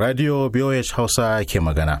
Radio BOH Hausa ke magana.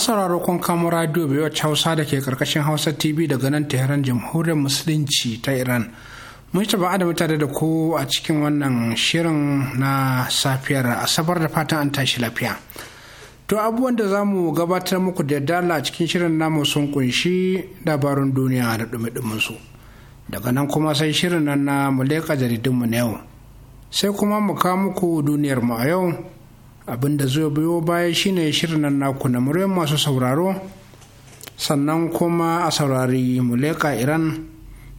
masu kun kamo radio wacce hausa da ke karkashin hausa tv daga nan tehran jamhuriyar musulunci ta iran mun taba adamu tare da ku a cikin wannan shirin na safiyar asabar da fatan an tashi lafiya to abubuwan da za mu gabatar muku da dala a cikin shirin namu sun kunshi labarun duniya da dumi su daga nan kuma sai shirin nan na mu leƙa jaridunmu na yau sai kuma mu kawo muku duniyar mu a yau abin da zai biyo baya shine shirin nan naku na muryar masu sauraro sannan kuma a saurari mu muleka iran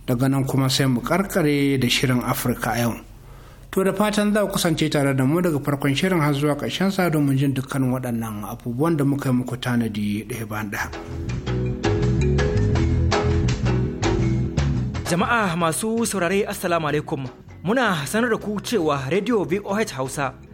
daga nan kuma sai mu karkare da shirin afirka yau to da fatan za ku kusance tare da mu daga farkon shirin har zuwa ƙarshen sa domin jin dukkan waɗannan abubuwan da muka yi muku tanadi ɗaya bayan ɗaya jama'a masu saurare assalamu alaikum muna sanar da ku cewa radio voh hausa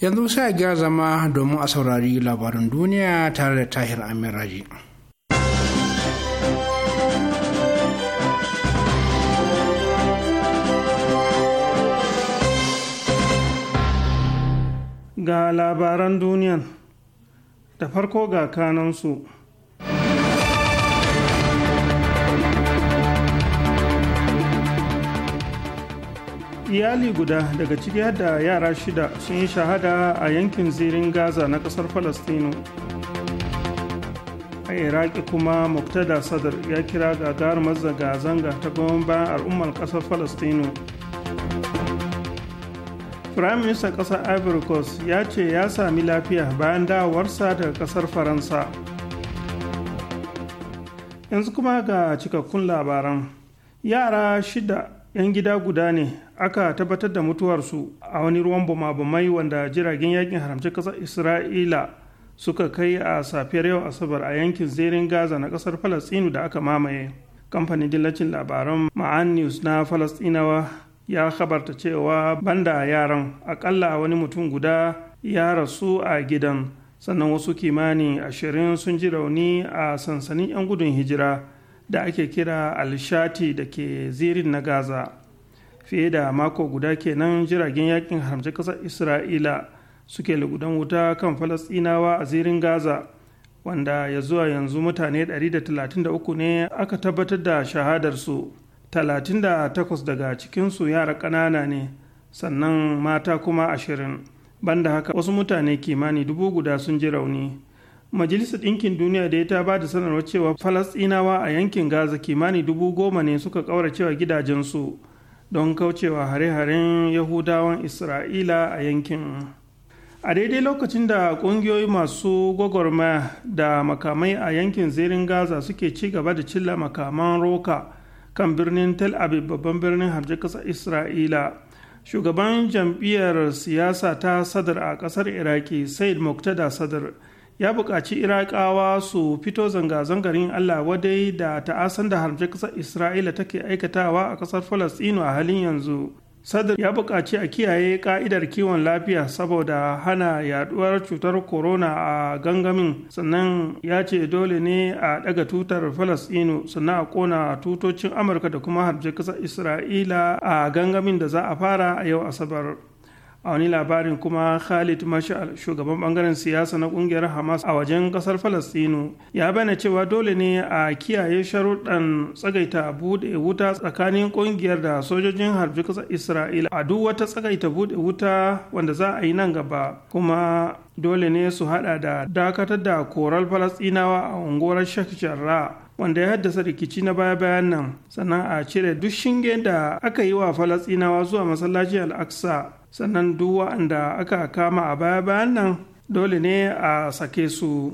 yanzu sai gaya zama domin a saurari labarin duniya tare da tahir amir raji ga labaran duniyan da farko ga kanansu iyali guda daga ciki da yara shida sun yi shahada a yankin zirin gaza na kasar falastinu a iraki kuma muktada sadar ya kira gagarumar zanga-zanga ta goma bayan al'ummar kasar falastinu firayim ministan kasar ivory coast ya ce ya sami lafiya bayan dawarsa daga kasar faransa yanzu kuma ga cikakkun labaran yara shida 'yan gida guda ne aka tabbatar da mutuwarsu a wani ruwan bama bumabumai wanda jiragen yakin haramci ƙasar isra'ila suka kai a safiyar yau asabar a yankin zirin gaza na ƙasar falastinu da aka mamaye kamfanin dillacin labaran ma'an news na falastinawa ya habarta cewa banda yaran akalla wani mutum guda ya rasu a gidan sannan wasu kimani ashirin sun ji rauni a sansanin 'yan gudun hijira da ake kira alshati da ke zirin na gaza fiye da mako guda kenan jiragen yakin haramci kasar isra'ila suke lugudan wuta kan falasɗinawa a zirin gaza wanda ya zuwa yanzu mutane 133 ne aka tabbatar da shahadarsu 38 daga cikinsu yara ƙanana ne sannan mata kuma ashirin banda haka wasu mutane kimani dubu guda sun ji rauni majalisar ɗinkin duniya da ta ba da sanarwar cewa falasɗinawa a yankin gaza kimani dubu goma ne suka ƙauracewa gidajensu don kaucewa hare-haren yahudawan isra'ila a yankin a daidai lokacin da kungiyoyi masu gwagwarmaya da makamai a yankin zirin gaza suke ci gaba da cilla makaman roka kan birnin tel aviv babban birnin harje kasa isra'ila shugaban jam'iyyar siyasa ta sadar a kasar iraki said muktada sadar ya buƙaci iraƙawa su fito zanga-zangar allah wadai da ta'asan da harbe ƙasar isra'ila take aikatawa a ƙasar falastinu a halin yanzu sadar ya buƙaci a kiyaye ƙa'idar kiwon lafiya saboda hana yaduwar cutar corona a gangamin sannan ya ce dole ne a ɗaga tutar falasɗinu sannan a kona tutocin amurka da kuma harbe ƙasar isra'ila a gangamin da za a fara a yau asabar a wani labarin kuma khalid mashal shugaban bangaren siyasa na kungiyar hamas a wajen kasar falastinu ya bayyana cewa dole ne a kiyaye sharuɗan tsagaita buɗe wuta tsakanin kungiyar da sojojin harbi kasar isra'ila a duk wata tsagaita buɗe wuta wanda za a yi nan gaba kuma dole ne su hada da dakatar da koral falastinawa a unguwar shakshara wanda ya haddasa rikici na baya-bayan nan sannan a cire duk shinge da aka yi wa falasinawa zuwa masallaci al'aksa sannan duk wa'anda aka kama a baya-bayan nan dole ne a sake su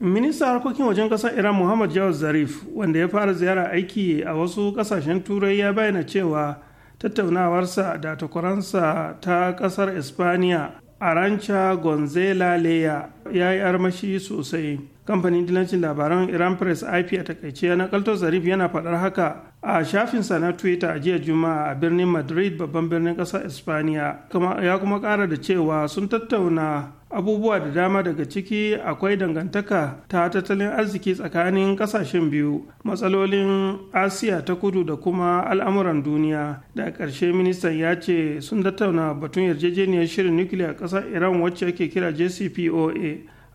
ministan harkokin wajen kasar iran muhammad jawaz zarif wanda ya fara ziyara aiki a wasu kasashen turai ya bayyana cewa tattaunawarsa da takwaransa ta kasar ispaniya arancha gonzela leya ya yi armashi sosai kamfanin dilancin labaran iran press ip a takaice na kalto zarif yana faɗar haka a shafinsa na twitter a jiya juma'a a birnin madrid babban birnin ƙasar espaniya ya kuma kara da cewa sun tattauna abubuwa da dama daga ciki akwai dangantaka ta tattalin arziki tsakanin kasashen biyu matsalolin asiya ta kudu da kuma al'amuran duniya da ƙarshe ministan ya ce sun tattauna batun yarjejeniyar shirin nukiliya ƙasar iran wacce ake kira jcpoa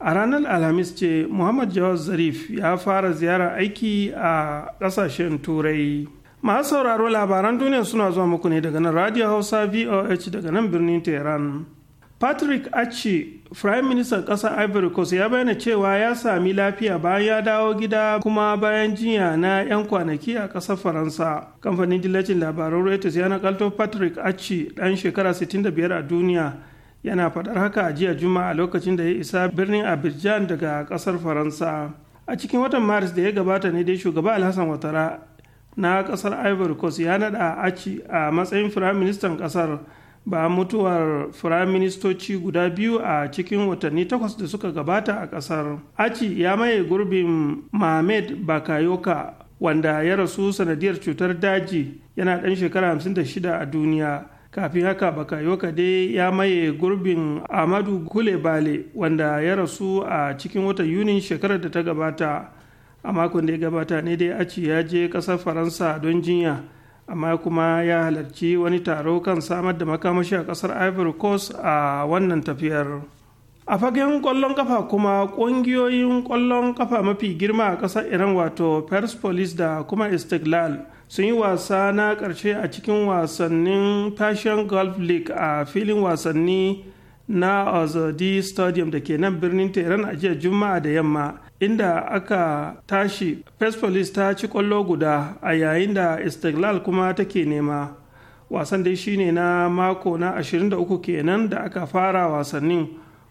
a ranar alhamis ce muhammad jawaz zarif ya fara ziyarar aiki a ƙasashen turai masu sauraro labaran duniya suna zuwa muku ne daga nan radio hausa voh daga nan birnin tehran patrick achi prime minister ƙasar ivory coast ya bayyana cewa ya sami lafiya bayan ya dawo gida kuma bayan jinya na 'yan kwanaki a ƙasar faransa kamfanin dillacin labaran reuters ya nakalto patrick achi ɗan shekara 65 a duniya yana faɗar haka a jiya juma'a lokacin da ya isa birnin abidjan daga ƙasar faransa a cikin watan maris da ya gabata ne dai shugaba alhassan watara na ƙasar ivory coast ya naɗa aci a matsayin firaministan ƙasar ba mutuwar firaministoci guda biyu a cikin watanni takwas da suka gabata a ƙasar aci ya maye gurbin mohamed bakayoka wanda ya rasu sanadiyar cutar daji yana ɗan shekara 56 a duniya kafin haka bakayoka dai ya maye gurbin amadu kulebale wanda ya rasu a cikin watan yunin shekarar da ta gabata a makon da ya gabata ne dai aci ya je kasar faransa don jinya amma kuma ya halarci wani taro kan samar da makamashi a kasar ivory coast a wannan tafiyar a fagen kwallon kafa kuma ƙungiyoyin kwallon kafa mafi girma a kasar iran wato police da kuma istiklal sun yi wasa na ƙarshe a cikin wasannin Persian golf League a filin wasanni na Azadi Stadium da ke nan birnin Tehran a jiya Juma'a da yamma inda aka tashi first police ta ci kwallo guda a yayin da Istiklal kuma take nema. Wasan dai shine na mako na 23 kenan da aka fara wasannin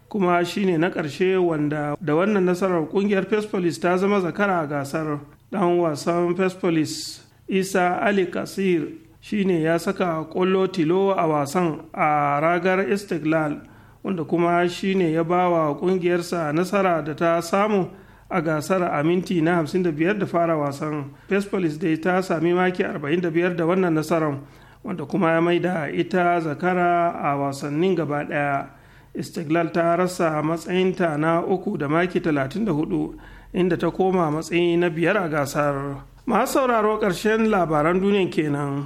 kuma shine na karshe wanda da wannan nasarar kungiyar first police ta zama zakara a gasar. Dan wasan first police. isa ali kasir shine ya saka kwallo tilo a wasan a ragar istiklal wanda kuma shine ya ba wa kungiyarsa nasara da ta samu a gasar a minti na 55 da fara wasan persepolis dai ta sami maki 45 da wannan nasarar wanda kuma ya maida ita zakara a wasannin gaba daya istiklal ta rasa matsayinta na uku da maki 34 inda ta koma matsayi na biyar a gasar masu sauraro ƙarshen labaran duniya kenan.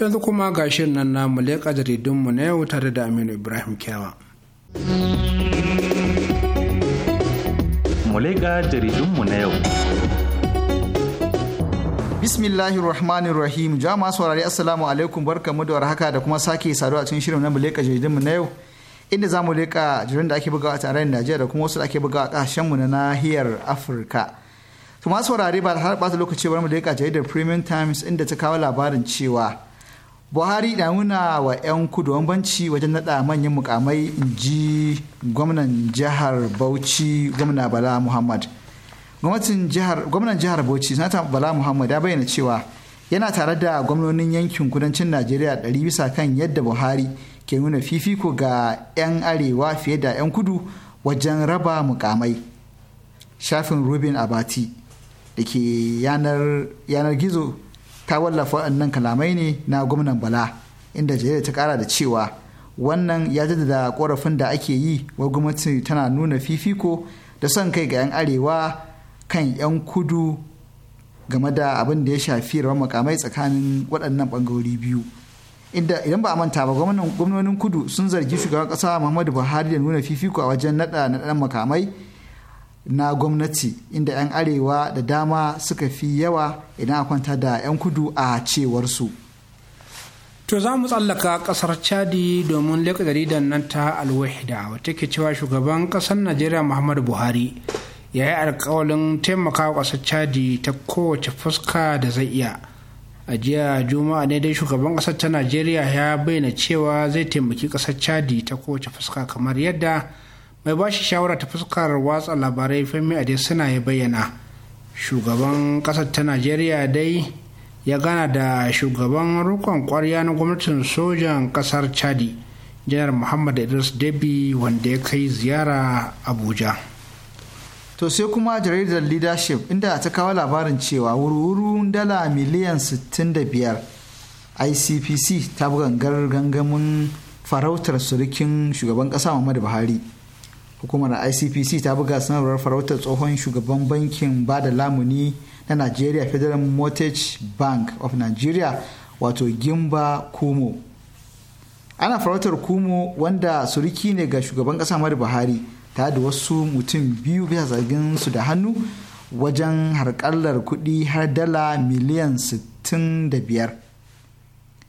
yanzu kuma ga nan namu leƙa jaridunmu na yau tare da aminu ibrahim kyawa Muleka leƙa jaridunmu na yau bismillahir rahmanir rahim jama'a saurari assalamu alaikum barkamu da warhaka da kuma sake saduwa cikin shirin na Muleka leƙa jaridunmu na yau inda za mu rika jirin da ake buga a tarayyar Najeriya da kuma wasu da ake buga a mu na nahiyar Afirka. To masu saurare ba har ɓata lokaci bar mu rika jaridar Premium Times inda ta kawo labarin cewa Buhari na nuna wa 'yan kudu banci wajen naɗa manyan mukamai ji gwamnan jihar Bauchi gwamna Bala Muhammad. Gwamnatin jihar gwamnan jihar Bauchi sanata Bala Muhammad ya bayyana cewa yana tare da gwamnonin yankin kudancin Najeriya ɗari bisa kan yadda Buhari ke nuna fifiko ga 'yan arewa fiye da 'yan kudu wajen raba mukamai shafin rubin abati da ke yanar gizo ta wallafa waɗannan kalamai ne na gwamnan bala inda jere ta kara da cewa wannan ya jaddada korafin da ake yi wa gwamnati tana nuna fifiko da son kai ga 'yan arewa kan 'yan kudu game da abin da ya shafi rawar mukamai tsakanin waɗannan ɓangarori biyu inda idan ba a manta ba gwamnonin kudu sun zargi shugaban kasa muhammadu buhari da nuna fifiko a wajen nada naɗan makamai na gwamnati inda 'yan arewa da dama suka fi yawa idan a kwanta da 'yan kudu a cewar su. to za mu tsallaka kasar chadi domin leka jaridar nan ta alwahida wata ke cewa shugaban kasar najeriya muhammadu buhari ya yi alkawalin taimakawa kasar chadi ta kowace fuska da zai iya a jiya juma'a ne dai shugaban kasar ta najeriya ya bayyana cewa zai taimaki kasar chadi ta kowace fuska kamar yadda mai bashi shawara ta fuskar watsa labarai femi ade suna ya bayyana shugaban kasar ta najeriya dai ya gana da shugaban rukon kwarya na gwamnatin sojan kasar chadi janar muhammad idris debi wanda ya kai ziyara abuja to sai kuma jaridar leadership inda ta kawo labarin cewa wurwurun dala miliyan 65 icpc ta buga gangar gangamin farautar surukin shugaban kasa muhammadu buhari hukumar icpc ta buga sanarwar farautar tsohon shugaban bankin ba da lamuni na nigeria federal mortgage bank of nigeria wato gimba kumo ana farautar kumo wanda suriki ne ga shugaban kasa muhammadu buhari ta da wasu mutum biyu bisa zargin su da hannu wajen harkallar kuɗi har dala miliyan 65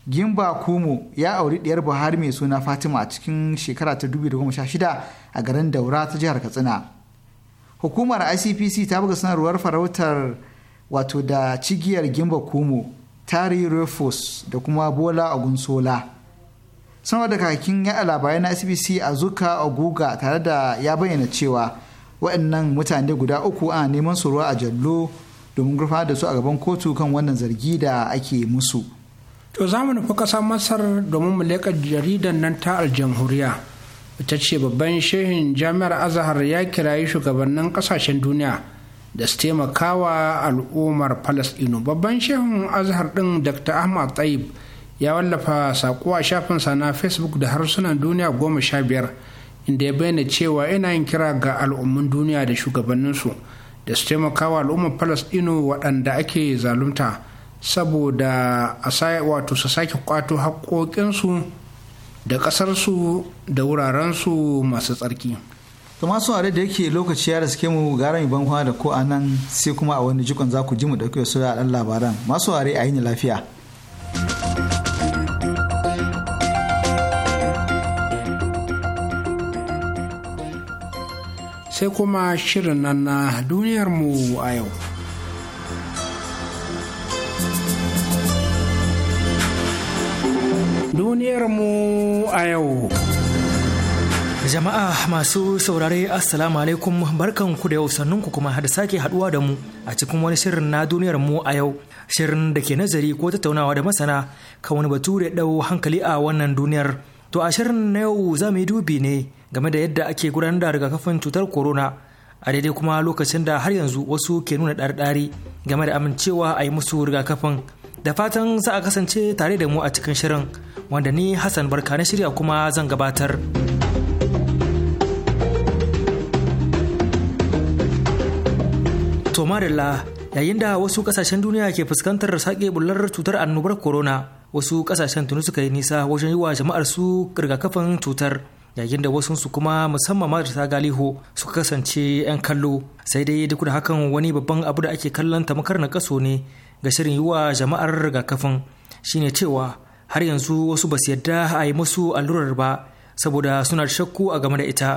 gimba kumo ya auri ɗiyar buhari mai suna fatima a cikin shekara ta 2016 a garin daura ta jihar katsina hukumar icpc ta buga sanarwar farautar wato da cigiyar gimba kumo tari rufus da kuma bola Sola. sama da kakin ya labarai na sbc a zuka oguga tare da ya bayyana cewa waɗannan mutane guda uku ana neman su a jallo domin gurfa da su a gaban kotu kan wannan zargi da ake musu to za mu nufi ƙasar masar domin mu leƙa jaridan nan ta aljamhuriya ita ce babban shehin jami'ar azahar ya kirayi shugabannin ƙasashen duniya da su taimakawa al'ummar palestino babban shehin azahar ɗin dr ahmad tsayib ya wallafa saƙo a shafinsa na facebook da harsunan duniya goma sha biyar inda ya bayyana cewa yana yin kira ga al'ummun duniya da shugabanninsu da su taimaka wa al'ummar palestino waɗanda ake zalunta saboda a wato su sake kwato haƙoƙinsu da ƙasarsu da wurarensu masu tsarki to masu are da yake lokaci ya suke mu gara mu bankwa da ko anan sai kuma a wani jikon za ku ji mu ɗauke su da labaran masu are a yi lafiya. sai kuma shirin nan na duniyarmu a yau. Duniyarmu a yau. Jama'a masu saurare Assalamu alaikum barkan ku da yau sannun kuma da sake haduwa da mu a cikin wani shirin na duniyar mu a yau shirin da ke nazari ko tattaunawa da masana kan wani batu da dau hankali a wannan duniyar. To a shirin na yau za mu yi dubi ne game da yadda ake gudanar da rigakafin cutar corona a daidai kuma lokacin da har yanzu wasu ke nuna ɗarɗari game da amincewa a yi musu rigakafin da fatan za a kasance tare da mu a cikin shirin wanda ni Hassan Barka na shirya kuma zan gabatar. To yayin da wasu kasashen duniya ke fuskantar sake bular cutar annobar corona wasu kasashen tuni suka yi nisa wajen yi wa jama'ar su rigakafin cutar yayin da wasu su kuma musamman marasa galiho suka kasance 'yan kallo sai dai duk da hakan wani babban abu da ake kallon tamakar na kaso ne ga shirin yi wa jama'ar rigakafin shine cewa har yanzu wasu ba su yarda a yi musu allurar ba saboda suna da shakku a game da ita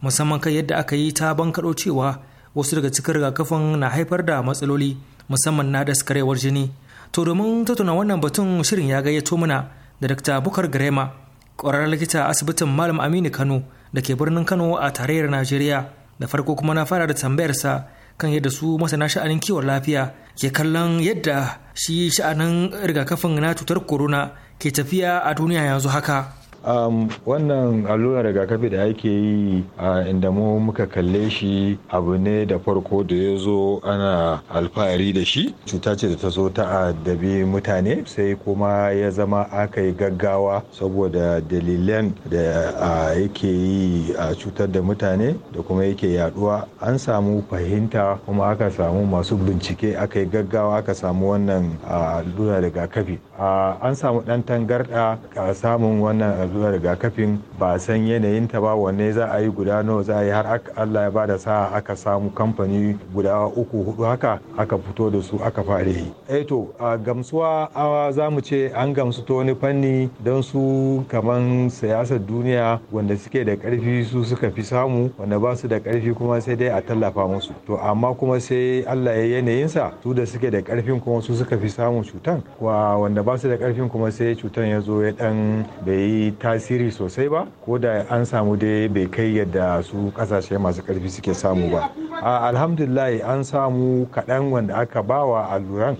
musamman kan yadda aka yi ta bankaɗo cewa wasu daga cikin rigakafin na haifar da matsaloli musamman na daskarewar jini To domin tattauna wannan batun shirin ya gayyato mana da Dr. Bukar Garema, ƙwararren likita asibitin Malam Aminu Kano da ke birnin Kano a tarayyar Najeriya. Da farko kuma na fara da tambayarsa kan yadda su masana sha'anin kiwon lafiya ke kallon yadda shi sha'anin rigakafin na cutar corona ke tafiya a duniya yanzu haka. wannan allurar rigakafi da ake yi a inda mu muka kalle shi abu ne da farko da ya zo ana alfahari da shi cuta ce da ta zo ta addabi mutane sai kuma ya zama aka yi gaggawa saboda dalilan da yake yi a cutar da mutane da kuma yake yaduwa an samu fahimta kuma aka samu masu bincike aka yi gaggawa aka samu wannan allura rigakafi an samu dan tangarda a samun wannan allurar rigakafin ba a san yanayin ta ba wanne za a yi guda nawa za a yi har Allah ya bada sa aka samu kamfani guda uku hudu haka aka fito da su aka fare yi. Eh to a gamsuwa awa za mu ce an gamsu ta wani fanni don su kaman siyasar duniya wanda suke da karfi su suka fi samu wanda ba su da karfi kuma sai dai a tallafa musu. To amma kuma sai Allah ya yanayinsa su da suke da karfin kuma su suka fi samu cutan wanda ba su da karfin kuma sai cutan ya zo ya dan bai tasiri sosai ba ko da an samu dai bai kai yadda su kasashe masu karfi suke samu ba alhamdulillah an samu kaɗan wanda aka bawa alluran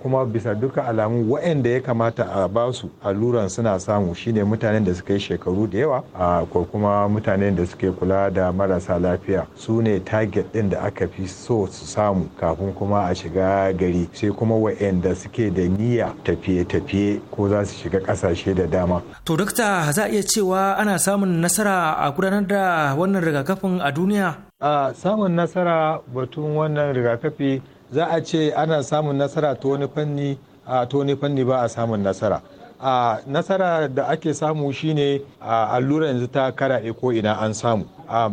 kuma bisa duka alamu waɗanda ya kamata a ba su alluran suna samu shine mutanen da suka yi shekaru da yawa ko kuma mutanen da suke kula da marasa lafiya su ne target ɗin da aka fi so su samu kafin kuma a shiga gari sai kuma waɗanda suke da niyya tafiye-tafiye ko za su shiga ƙasashe da dama. To dokta za a iya cewa ana samun nasara a gudanar da wannan rigakafin a duniya? A samun nasara batun wannan rigakafi za a ce ana samun nasara ta wani fanni a ta wani fanni ba a samun nasara. A nasara da ake samu shine a allura yanzu ta kara ko ina an samu.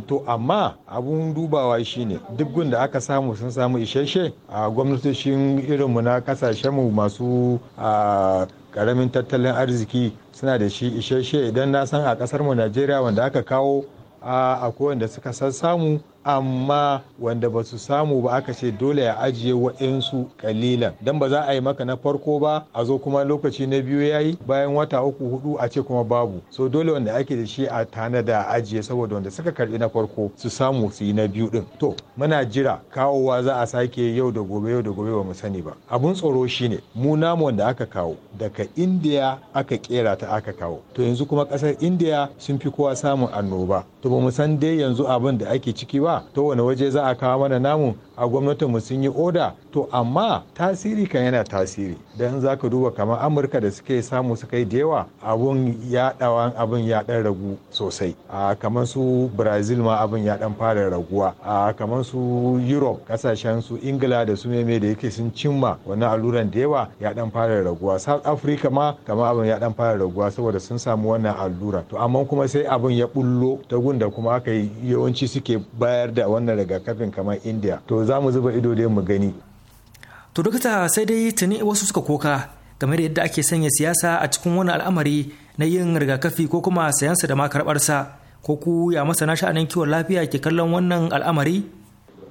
to amma abun dubawa shine duk gun da aka samu sun samu isasshe a gwamnatocin irinmu na mu masu karamin tattalin arziki suna da shi isasshe idan na san a kasar mu najeriya wanda aka kawo a kowanda suka samu. amma wanda ba su samu ba aka ce dole ya ajiye waɗansu kalilan don ba za a yi maka na farko ba a zo kuma lokaci na biyu ya yi bayan wata uku hudu a ce kuma babu so dole wanda ake da shi a tana da ajiye saboda wanda suka karbi na farko su samu su yi na biyu din to muna jira kawowa za a sake yau da gobe yau da gobe ba mu sani ba abun tsoro shine mu namu wanda aka kawo daga indiya aka kera ta aka kawo to yanzu kuma kasar indiya sun fi kowa samun annoba to ba mu san dai yanzu abin da ake ciki ba ba to wani waje za a kawo mana namu a gwamnatinmu sun yi oda to amma tasiri kan yana tasiri don za ka duba kamar amurka da suke samu suka yi da yawa abun ya dawan ragu sosai a kamar su brazil ma abun ya fara raguwa a kamar su europe kasashen su ingila da su meme da yake sun cimma wani alluran da yawa ya dan fara raguwa south africa ma kamar abun ya fara raguwa saboda sun samu wannan allura to amma kuma sai abin ya bullo ta gunda kuma aka yi yawanci suke bayar da wannan rigakafin kamar india to za mu zuba ido da mu gani to dokta sai dai tuni wasu suka koka game da yadda ake sanya siyasa a cikin wani al'amari na yin rigakafi ko kuma sayansa da ma karɓarsa ko ku ya masana sha'anin kiwon lafiya ke kallon wannan al'amari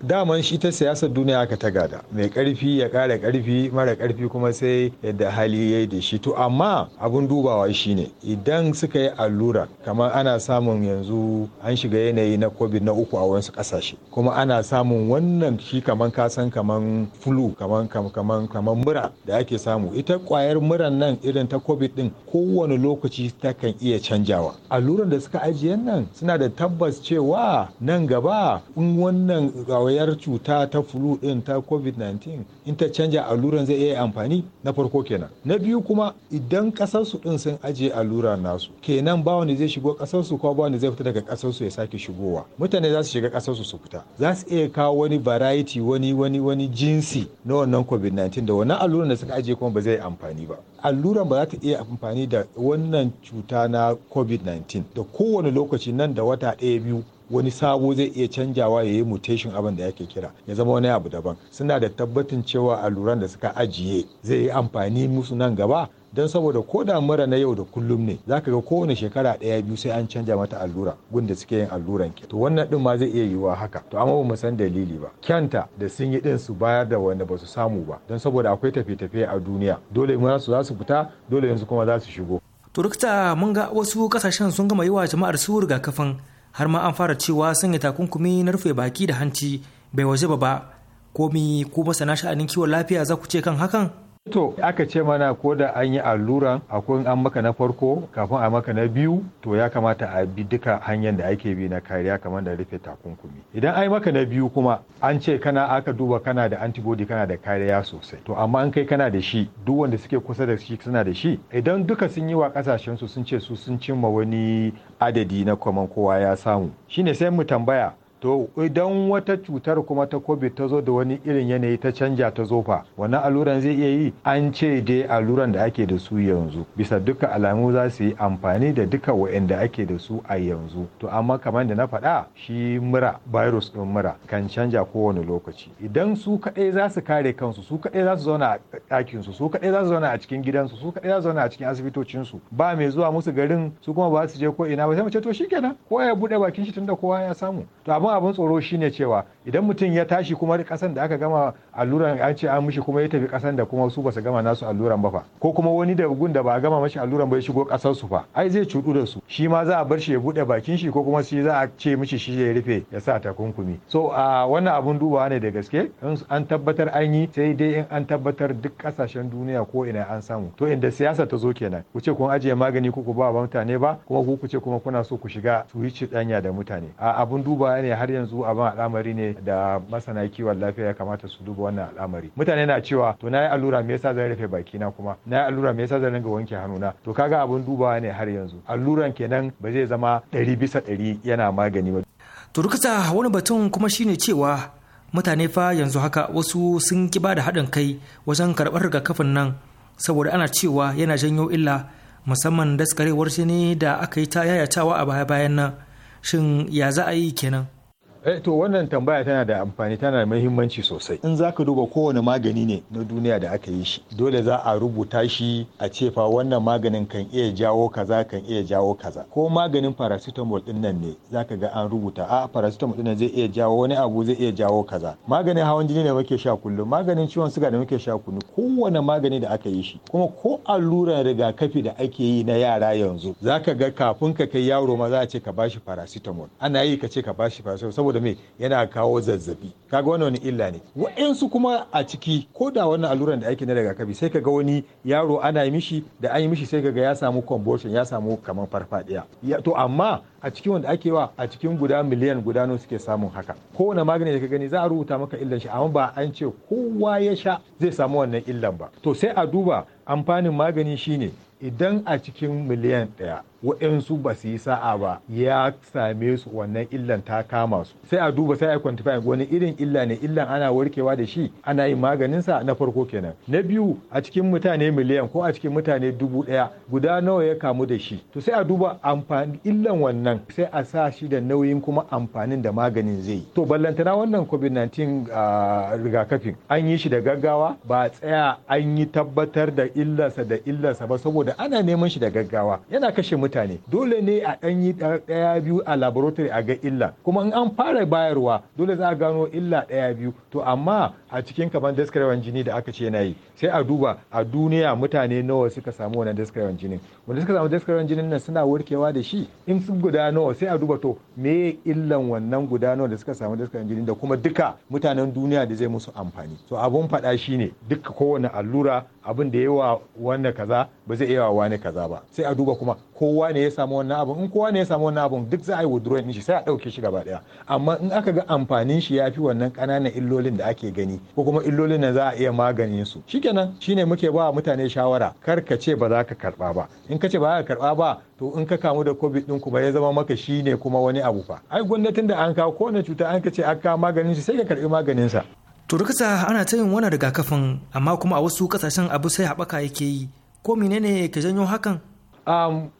daman shi ta siyasar duniya aka ta gada mai karfi ya kara karfi mara karfi kuma sai yadda hali ya yi da shi to amma abun dubawa shine idan suka yi allura kamar ana samun yanzu an shiga yanayi na covid na uku a wasu kasashe kuma ana samun wannan shi kamar kasan kaman flu kaman mura da ake samu ita kwayar muran nan irin ta covid din kowane lokaci ta kan iya canjawa alluran da suka ajiye nan suna da tabbas cewa nan gaba in wannan kwayar cuta ta flu din ta covid-19 in ta canja alluran zai iya amfani na farko kenan na biyu kuma idan kasar su din sun ajiye allura nasu kenan ba wani zai shigo kasar su ko ba wani zai fita daga kasar su ya sake shigowa mutane za su shiga kasar su su fita za su iya kawo wani variety wani wani wani jinsi na wannan covid-19 da wannan alluran da suka ajiye kuma ba zai amfani ba alluran ba za ta iya amfani da wannan cuta na covid-19 da kowane lokaci nan da wata ɗaya biyu wani sabo zai iya canjawa ya yi mutation abin da yake kira ya zama wani abu daban suna da tabbatin cewa alluran da suka ajiye zai yi amfani musu nan gaba don saboda ko da mara na yau da kullum ne za ka ga kowane shekara ɗaya biyu sai an canja mata allura gunda suke yin alluran ke to wannan din ma zai iya yiwuwa haka to amma bamu san dalili ba kyanta da sun yi din su bayar da wanda ba su samu ba don saboda akwai tafiye-tafiye a duniya dole mura su za su fita dole yanzu kuma za su shigo to mun ga wasu kasashen sun gama yi wa jama'ar su rigakafin har ma an fara cewa sanya takunkumi na rufe baki da hanci bai waje ba komi ko masana sha'anin kiwon lafiya za ku ce kan hakan To aka ce mana ko da an yi allura akwai an maka na farko kafin a maka na biyu to ya kamata a bi duka hanyar da ake bi na kariya kamar da rufe takunkumi. Idan an yi maka na biyu kuma an ce kana aka duba kana da antibody kana da kariya sosai. To amma an kai kana da shi duk wanda suke kusa da shi suna da shi. Idan duka sun yi wa kasashen su sun ce su sun cimma wani adadi na kwaman kowa ya samu. Shine sai mu tambaya To idan wata cutar kuma ta COVID ta zo da wani irin yanayi ta canja ta zofa, wannan alluran zai iya yi an ce dai alluran da ake da su yanzu. Bisa duka alamu za su yi amfani da duka wa'anda ake da su a yanzu. To amma kamar da na faɗa shi mura virus ɗin mura kan canja kowane lokaci. Idan su kaɗai za su kare kansu, su kaɗai za su zauna a ɗakin su kaɗai za su zauna a cikin gidansu, su kaɗai za su zauna a cikin asibitocinsu. Ba mai zuwa musu garin su kuma ba su je ko ina ba sai mu ce to shikenan kowa ya buɗe bakin shi tunda kowa ya samu. To kuma abin tsoro shine cewa idan mutum ya tashi kuma kasan da aka gama alluran an ce an mishi kuma ya tafi kasan da kuma su basu gama nasu alluran ba fa ko kuma wani da gun da ba a gama mashi alluran ba ya shigo kasar su fa ai zai cudu da su shi ma za a bar shi ya buɗe bakin shi ko kuma shi za a ce mishi shi ya rufe ya sa takunkumi so a wannan abun dubawa ne da gaske in an tabbatar an yi sai dai in an tabbatar duk kasashen duniya ko ina an samu to inda siyasa ta zo kenan ku ce kun ajiye magani ku ba mutane ba kuma ku ce kuma kuna so ku shiga su yi danya da mutane a abun dubawa ne har yanzu abin al'amari ne da masana kiwon lafiya ya kamata su duba wannan al'amari mutane na cewa to na yi allura me yasa zan rufe baki na kuma na yi allura me yasa zan ringa wanke hannuna to kaga abin dubawa ne har yanzu alluran kenan ba zai zama ɗari bisa ɗari yana magani ba. to rukata wani batun kuma shine cewa mutane fa yanzu haka wasu sun ki ba da haɗin kai wajen karɓar rigakafin nan saboda ana cewa yana janyo illa musamman daskarewar jini da aka yi ta yayatawa a baya-bayan nan shin ya za a yi kenan Eh, to wannan tambaya tana da amfani tana da muhimmanci sosai in zaka duba kowane magani ne na duniya da aka yi shi dole za a rubuta shi a ce fa wannan maganin kan iya jawo kaza kan iya jawo kaza ko maganin paracetamol din nan ne zaka ga an rubuta a paracetamol din nan zai iya jawo wani abu zai iya jawo kaza maganin hawan jini ne muke sha kullum maganin ciwon suga da muke sha kullum kowane magani da aka yi shi kuma ko alluran rigakafi da ake yi na yara yanzu zaka ga kafin ka kai yaro ma za a ce ka bashi paracetamol ana yi ka ce ka bashi paracetamol saboda me yana kawo zazzabi kaga wannan wani illa ne wa'ansu kuma a ciki ko da wannan alluran da ake na kabi sai kaga wani yaro ana yi mishi da an yi mishi sai kaga ya samu convulsion ya samu kamar farfadiya to amma a cikin wanda ake wa a cikin guda miliyan guda nawa suke samun haka kowane magani da ka gani za a rubuta maka illan shi amma ba an ce kowa ya sha zai samu wannan illan ba to sai a duba amfanin magani shine idan a cikin miliyan ɗaya waɗansu ba su yi sa'a ba ya same su wannan illan ta kama su sai a duba sai a quantify wani irin illa ne illan ana warkewa da shi ana yi maganinsa na farko kenan na biyu a cikin mutane miliyan ko a cikin mutane dubu ɗaya guda nawa ya kamu da shi to sai a duba amfani illan wannan sai a sa shi da nauyin kuma amfanin da maganin zai to ballantana wannan covid-19 ah, rigakafin an yi shi da gaggawa ba tsaya an yi tabbatar da illarsa da illarsa ba saboda ana neman shi da gaggawa yana kashe mutane mutane dole ne a ɗan yi ɗaya biyu a laboratory a ga illa kuma in an fara bayarwa dole za a gano illa ɗaya biyu to amma a cikin kaman daskarewan jini da aka ce na yi sai a duba a duniya mutane nawa suka samu wannan daskarewan jini wanda suka samu daskarewan jini nan suna warkewa da shi in sun guda nawa sai a duba to me illan wannan guda nawa da suka samu daskarewan jini da kuma duka mutanen duniya da zai musu amfani to abun faɗa shine duka kowane allura abin da yawa wanda kaza ba zai yawa wani kaza ba sai a duba kuma kowa ne ya samu wannan abin in kowa ne ya samu wannan abin duk za a yi withdrawal din shi sai a dauke shi gaba daya amma in aka ga amfanin shi yafi wannan kananan illolin da ake gani ko kuma illolin da za a iya maganin su shikenan shine muke ba mutane shawara kar ka ce ba za ka karba ba in ka ce ba za ka karba ba to in ka kamu da covid ɗin kuma ya zama maka shine kuma wani abu fa ai gwamnatin da an kawo kowane cuta an ka ce an kawo maganin shi sai ka karbi maganin sa to turkisa ana ta yin wani rigakafin amma kuma a wasu kasashen abu sai haɓaka yake yi ko menene ke janyo hakan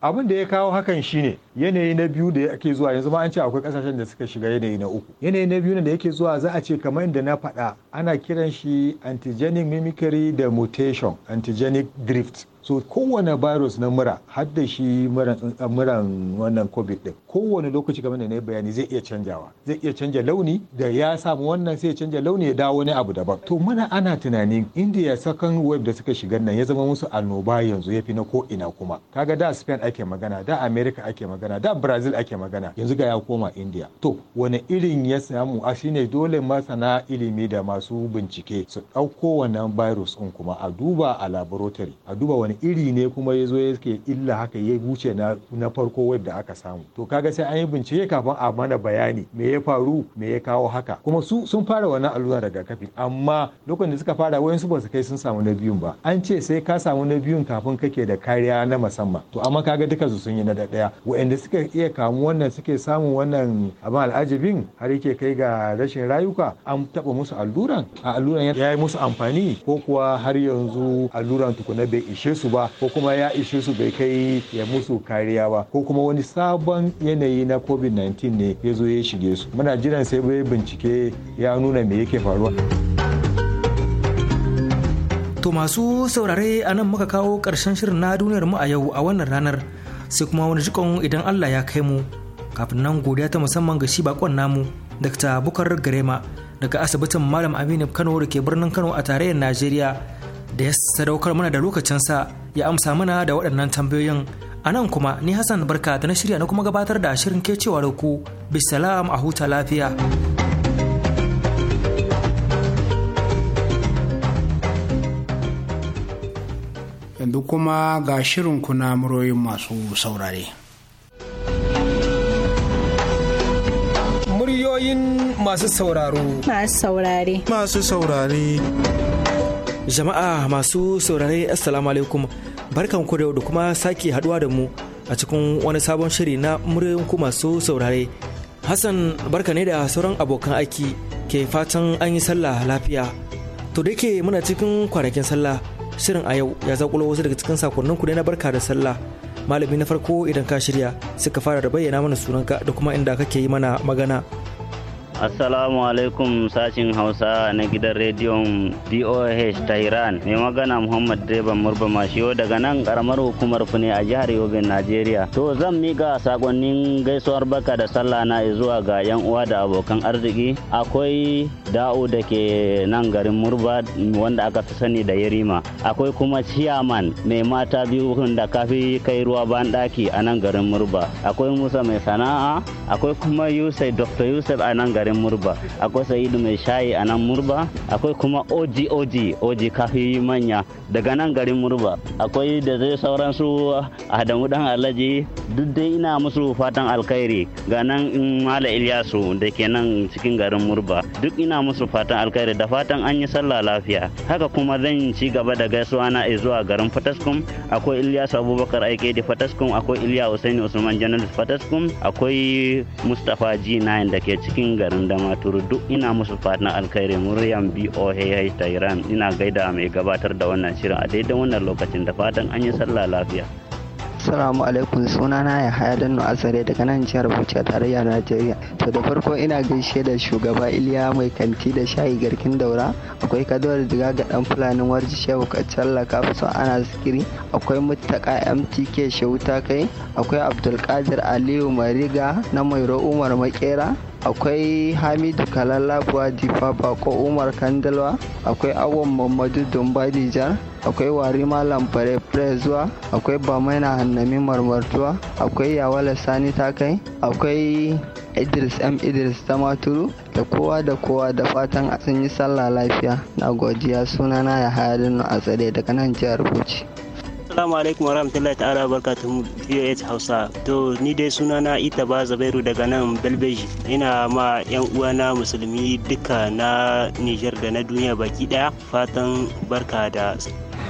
abin da ya kawo hakan shine yanayi na biyu da ake zuwa yanzu ma an ce akwai kasashen da suka shiga yanayi na uku yanayi na biyu da yake zuwa za a ce kamar inda na faɗa ana kiran shi antigenic mimicry da mutation antigenic drift so kowane virus na mura har da shi muran wannan covid din kowane lokaci game da na bayani zai iya canjawa zai iya canja launi da ya samu wannan sai ya canja launi ya dawo wani abu daban to mana ana tunanin india sakan web da suka shiga nan ya zama musu annoba yanzu ya fi na ko ina kuma kaga da spain ake magana da america ake magana da brazil ake magana yanzu ga ya koma india to wani irin ya samu a shine dole masana ilimi da masu bincike su ɗauko wannan virus din kuma a duba a laboratory a duba wani iri ne kuma ya zo yake illa haka ya wuce na farko web da aka samu to kaga sai an yi bincike kafin a mana bayani me ya faru me ya kawo haka kuma su sun fara wannan allurar kafi amma lokacin da suka fara wayansu ba su kai sun samu na biyun ba an ce sai ka samu na biyun kafin kake da kariya na musamman to amma kaga duka su sun yi na daya wayanda suka iya kamu wannan suke samun wannan abin al'ajibin har yake kai ga rashin rayuka an taba musu alluran a alluran ya yi musu amfani ko kuwa har yanzu alluran tukuna bai ishe su ba ko kuma ya ishe su bai kai ya musu kariya ba ko kuma wani sabon yanayi na covid-19 ne ya zo ya shige su muna jiran sai bai bincike ya nuna me yake faruwa to masu saurare a nan muka kawo ƙarshen shirin na duniyar mu a yau a wannan ranar sai kuma wani jikon idan allah ya kai mu kafin nan godiya ta musamman ga shi bakon namu dr bukar garema daga asibitin malam aminu kano da ke birnin kano a tarayyar najeriya da ya sadaukar mana da lokacinsa ya amsa mana da waɗannan tambayoyin A nan kuma ni Hassan barka da na shirya na kuma gabatar da shirin cewa da ku bisalam a huta lafiya. Yanzu kuma ga shirin kuna muroyin masu saurare. Muryoyin masu sauraro. Masu saurare. Masu saurare. Jama'a masu saurare Assalamu alaikum. barkan ku da kuma sake haduwa da mu a cikin wani sabon shiri na muryoyin ku masu saurare. Hassan barka ne da sauran abokan aiki ke fatan an yi sallah lafiya. To da ke muna cikin kwanakin sallah shirin a yau ya zakulo wasu daga cikin sakonnin ku na barka da sallah. Malami na farko idan ka shirya suka fara da bayyana mana sunanka da kuma inda kake yi mana magana. Assalamu alaikum sashin Hausa na gidan rediyon BOH Tehran. Mai magana Muhammad Direban Murba Mashiyo daga nan karamar hukumar Fune a jihar Yobe, Najeriya. To zan mika sakonnin gaisuwar baka da sallah na zuwa ga yan uwa da abokan arziki. Akwai da'u da ke nan garin Murba wanda aka fi sani da Yarima. Akwai kuma Ciyaman mai mata biyu da kafi kai ruwa ban daki a nan garin Murba. Akwai Musa mai sana'a, akwai kuma Yusuf Dr. Yusuf a nan garin garin murba akwai sa'idu mai shayi a nan murba akwai kuma oji oji oji kafi manya daga nan garin murba akwai da zai sauran su adamu dan alhaji duk dai ina musu fatan alkhairi ga nan in mala ilyasu da ke nan cikin garin murba duk ina musu fatan alkhairi da fatan an yi sallah lafiya haka kuma zan ci gaba da gaisuwa na zuwa garin fataskum akwai ilyasu abubakar aike da fataskum akwai ilya usaini usman janar fataskum akwai mustapha g9 da ke cikin garin dama turu duk ina musu fatan alkhairi muryan boh tehran ina gaida mai gabatar da wannan shirin a daidai wannan lokacin da fatan an yi sallah lafiya Assalamu alaikum sunana ya haya don azare daga nan jihar Bauchi tarayya Najeriya. To da farko ina gaishe da shugaba Iliya mai kanti da shayi garkin daura, akwai kadawar diga ga dan fulanin warji shehu kacalla kafiso ana zikiri, akwai mutaka MTK shehu ta kai, akwai Abdulkadir Aliyu Mariga na Mairo Umar Makera, akwai hamidu kalalabuwa difa bako umar kandalwa akwai awon mamadu dombadi jar akwai wari malam fare zuwa akwai bamaina hannami marmartuwa akwai yawala sani takai akwai idris m idris tamaturu da kowa da kowa da fatan sun yi sallah lafiya na godiya sunana ya hayarinu a tsare daga nan jihar bauchi Assalamu alaikum wa rahmatullahi ta'ala wa barakatuhu Hausa. To ni dai sunana Ita ba Zabairu daga nan Belbeji. Ina ma yan uwa na musulmi duka na Nijar da na duniya baki daya fatan barka da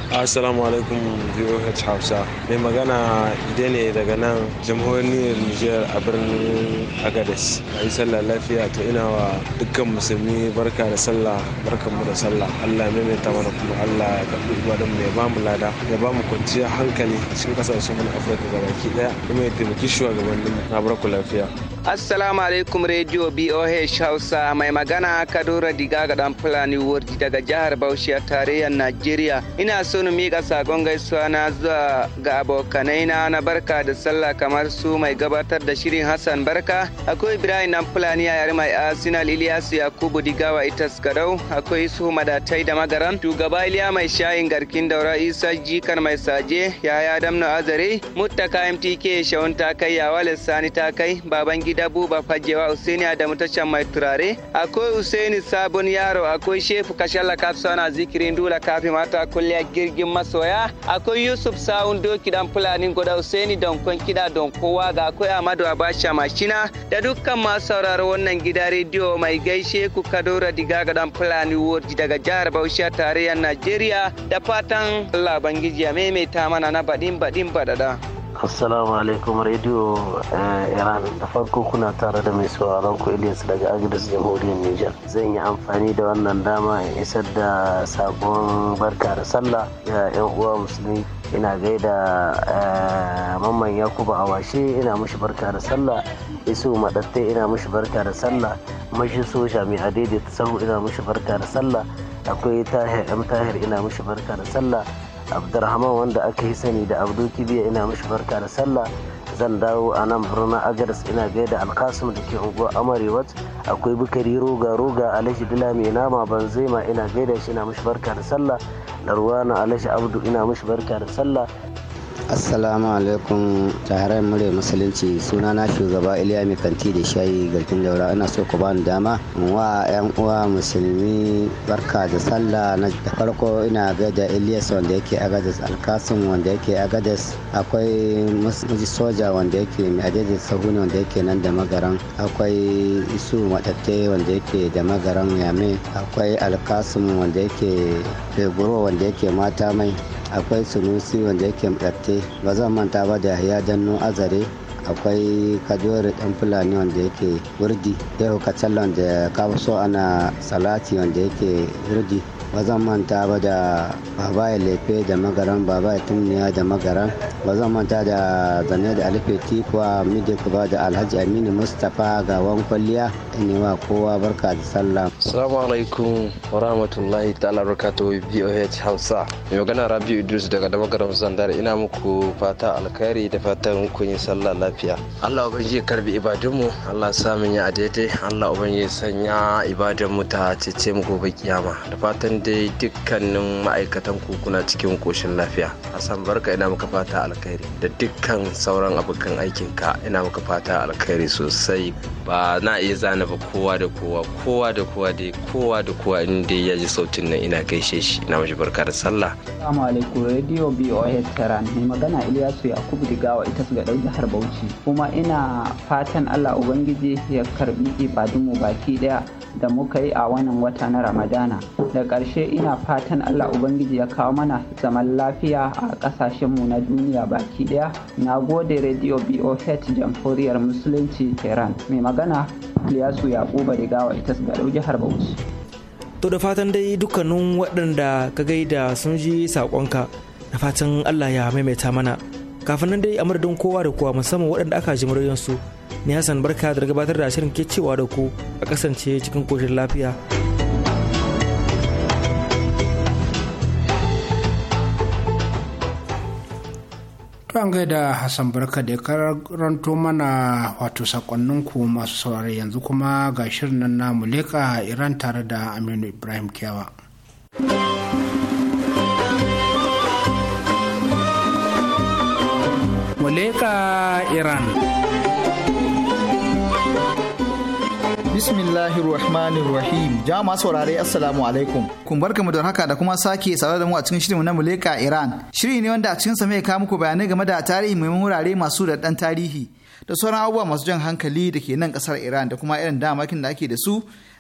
Assalamu alaikum VOH Hausa. Mai magana ide ne daga nan jamhuriyar Nijar a birnin agadis A yi sallah lafiya to ina wa dukkan musulmi barka da sallah barkan mu da sallah. Allah mai ta mana kuma Allah ya karɓi gwadon mai ba mu lada ya ba mu kwanciyar hankali cikin kasashen mu na baki gabaki daya kuma ya taimaki shugabannin na barku lafiya. Assalamu alaikum Radio BOH Hausa mai magana Kadura Diga ga dan Fulani Warji daga jihar Bauchi a tarayyar Najeriya. Ina so na mika sakon gaisuwa na zuwa ga abokanai na na barka da sallah kamar su mai gabatar da shirin Hassan Barka, akwai Ibrahim dan Fulani a yari mai Arsenal Ilyasu Yakubu Digawa Itas Gadau, akwai su madatai da magaran, shugaba Iliya mai shayin garkin daura Isa Jikar mai saje, Yaya Damna Azare, mutaka MTK Shawun Takai, Yawa Lissani Takai, Baban dabu ba fajewa useni Adamu tashan mai turare akwai useni sabon yaro akwai Shefu Kashalla Kafsana zikirin dula kafi mata kulliya girgin masoya akwai Yusuf Sawun doki dan Fulani goda Usaini donkon kida don kowa ga akwai Amadu Abacha mashina da dukkan masu sauraro wannan gida rediyo mai gaishe ku Kadora Diga ga dan Fulani Warji daga jihar Bauchi tarayyar Najeriya da fatan Allah Bangiji ya maimaita mana na baɗin baɗin baɗaɗa. assalamu alaikum radio eh, iran da farko kuna tare da mai sauraron ku ilyas daga agnes jamhuriyar niger zan yi amfani da wannan dama in isar da sabon barka da sallah ga yan uwa musulmi ina gaida eh, mamman yakubu awashe ina mishi barka da sallah isu madatte ina mishi barka da sallah mashi soja mai adaidaita sahu ina mishi barka da sallah akwai tahir tahir ina mishi barka da sallah abdurrahman wanda aka yi sani da abdu kibiya ina mashi barka da sallah zan dawo a nan birnin agadas ina gaida alkasum da ke unguwar amarewat akwai bukari roga roga a lashe dila mai nama banzema ina gaida shi ina mashi barka da sallah da ruwana lashe abdu ina mashi barka da sallah assalamu alaikum taron murya musulunci suna na shugaba iliya mai kanti da shayi garkin daura ina so ku bani dama wa yan uwa musulmi barka da sallah na da farko ina gaida ilyas wanda yake agadis alkasim wanda yake agadis akwai muji soja wanda yake mai adadin sahuni wanda yake nan da magaran akwai isu matatte wanda yake da magaran yame akwai alkasim wanda yake beguro wanda yake mata mai akwai sunusi wanda yake mɗatte ba zan manta ba da ya danno azare akwai kajore ɗan fulani wanda yake wurdi yau kacalla wanda kawo so ana salati wanda yake wurdi ba zan manta ba da baba ya lefe da magaran baba ya tumniya da magaran ba zan manta da zane da alife mide ba da alhaji aminu mustapha ga gawan kwalliya ne wa kowa barka da sallah Salamu alaikum wa rahmatullahi ta'ala barakatuhu boh hausa mai magana rabiu idris daga da sanda zandar ina muku fata alkhairi da fatan kun yi sallah lafiya allah ubangiji ya karbi ibadunmu allah samun ya a daidai allah ya sanya ibadunmu ta cece mu gobe kiyama da fatan dai dukkanin ma'aikatan ku kuna cikin koshin lafiya hassan barka ina maka fata alkhairi da dukkan sauran abokan aikinka ina maka fata alkhairi sosai ba na iya zana ba kowa da kowa kowa da kowa dai kowa da kowa in dai ya ji sautin nan ina gaishe shi ina mashi barka da sallah assalamu alaikum radio BOS taran mai magana Ilyasu Yakubu Digawa ita su ga ɗan jihar Bauchi kuma ina fatan Allah ubangiji ya karbi ibadunmu baki daya da muka yi a wannan wata na Ramadana da ƙarshe ina fatan Allah Ubangiji ya kawo mana zaman lafiya a ƙasashenmu na duniya baki ɗaya. Na gode Radio BOH Jamhuriyar Musulunci Tehran. Mai magana Liyasu Yakuba Rigawa ita su Garau jihar Bauchi. To da fatan dai dukkanin waɗanda ka gaida sun ji saƙonka da fatan Allah ya maimaita mana. Kafin nan dai a madadin kowa da kowa musamman waɗanda aka ji muryoyinsu. Ni Hassan Barka da gabatar da shirin ke cewa da ku a kasance cikin koshin lafiya. To an gaida Hassan Barka da ya karanto mana wato ku masu saurari yanzu kuma ga shirin nan na muleka Iran tare da Aminu Ibrahim Kiyawa. Muleka Iran. Bismillahir Rahmanir Rahim. Jama'a saurare Assalamu alaikum. Kun barka mu da haka da kuma sake saurare da mu a cikin shirin na Muleka Iran. Shiri ne wanda a cikin sa mai kawo muku bayanai game da tarihi mai wurare masu da dan tarihi da sauran abubuwa masu jan hankali da ke nan kasar Iran da kuma irin damakin da ake da su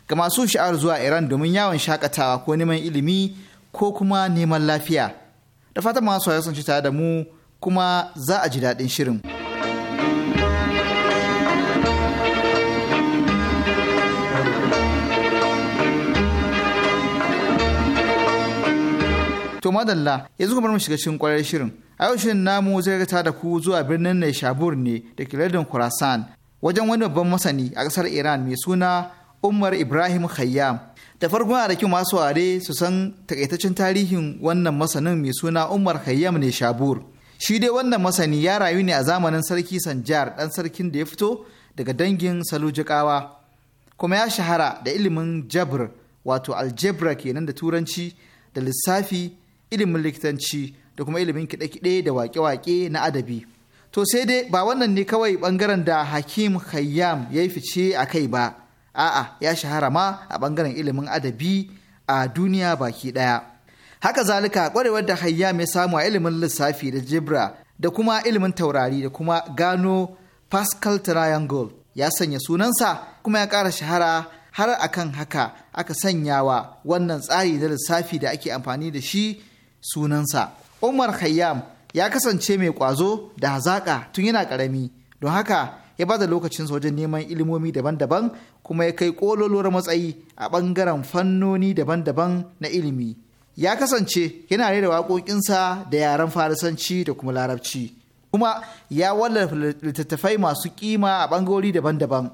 ga masu sha'awar zuwa Iran domin yawon shakatawa ko neman ilimi ko kuma neman lafiya. Da fatan masu sun ci tare da mu kuma za a ji daɗin shirin. To madalla yanzu kuma mu shiga cikin kwarar shirin. A yau shirin namu zai gata da ku zuwa birnin Neshabur ne da ke lardin Khorasan wajen wani babban masani a ƙasar Iran mai suna Umar Ibrahim Khayyam. Da farko a rakin masu ware su san takaitaccen tarihin wannan masanin mai suna Umar Khayyam Neshabur. Shi dai wannan masani ya rayu ne a zamanin sarki Sanjar ɗan sarkin da ya fito daga dangin Salujikawa. Kuma ya shahara da ilimin Jabr wato aljebra kenan da turanci da lissafi ilimin likitanci da kuma ilimin kiɗe-kiɗe da waƙe-waƙe na adabi. To sai dai ba wannan ne kawai ɓangaren da Hakim Khayyam ya yi fice a kai ba, a'a ya shahara ma a ɓangaren ilimin adabi a duniya baki ɗaya. Haka zalika ƙwarewar da Khayyam ya samu a ilimin lissafi da jibra da kuma ilimin taurari da kuma gano Pascal Triangle ya sanya sunansa kuma ya ƙara shahara har akan haka aka sanya wa wannan tsari da lissafi da ake amfani da shi sunansa umar khayyam ya kasance mai kwazo da hazaƙa tun yana ƙarami don haka ya ba da lokacinsa wajen neman ilimomi daban-daban kuma ya kai ƙololuwar matsayi a ɓangaren fannoni daban-daban na ilimi ya kasance yana da waƙoƙinsa da yaren farisanci da kuma larabci kuma ya wallafa littattafai masu kima a ɓangarori daban-daban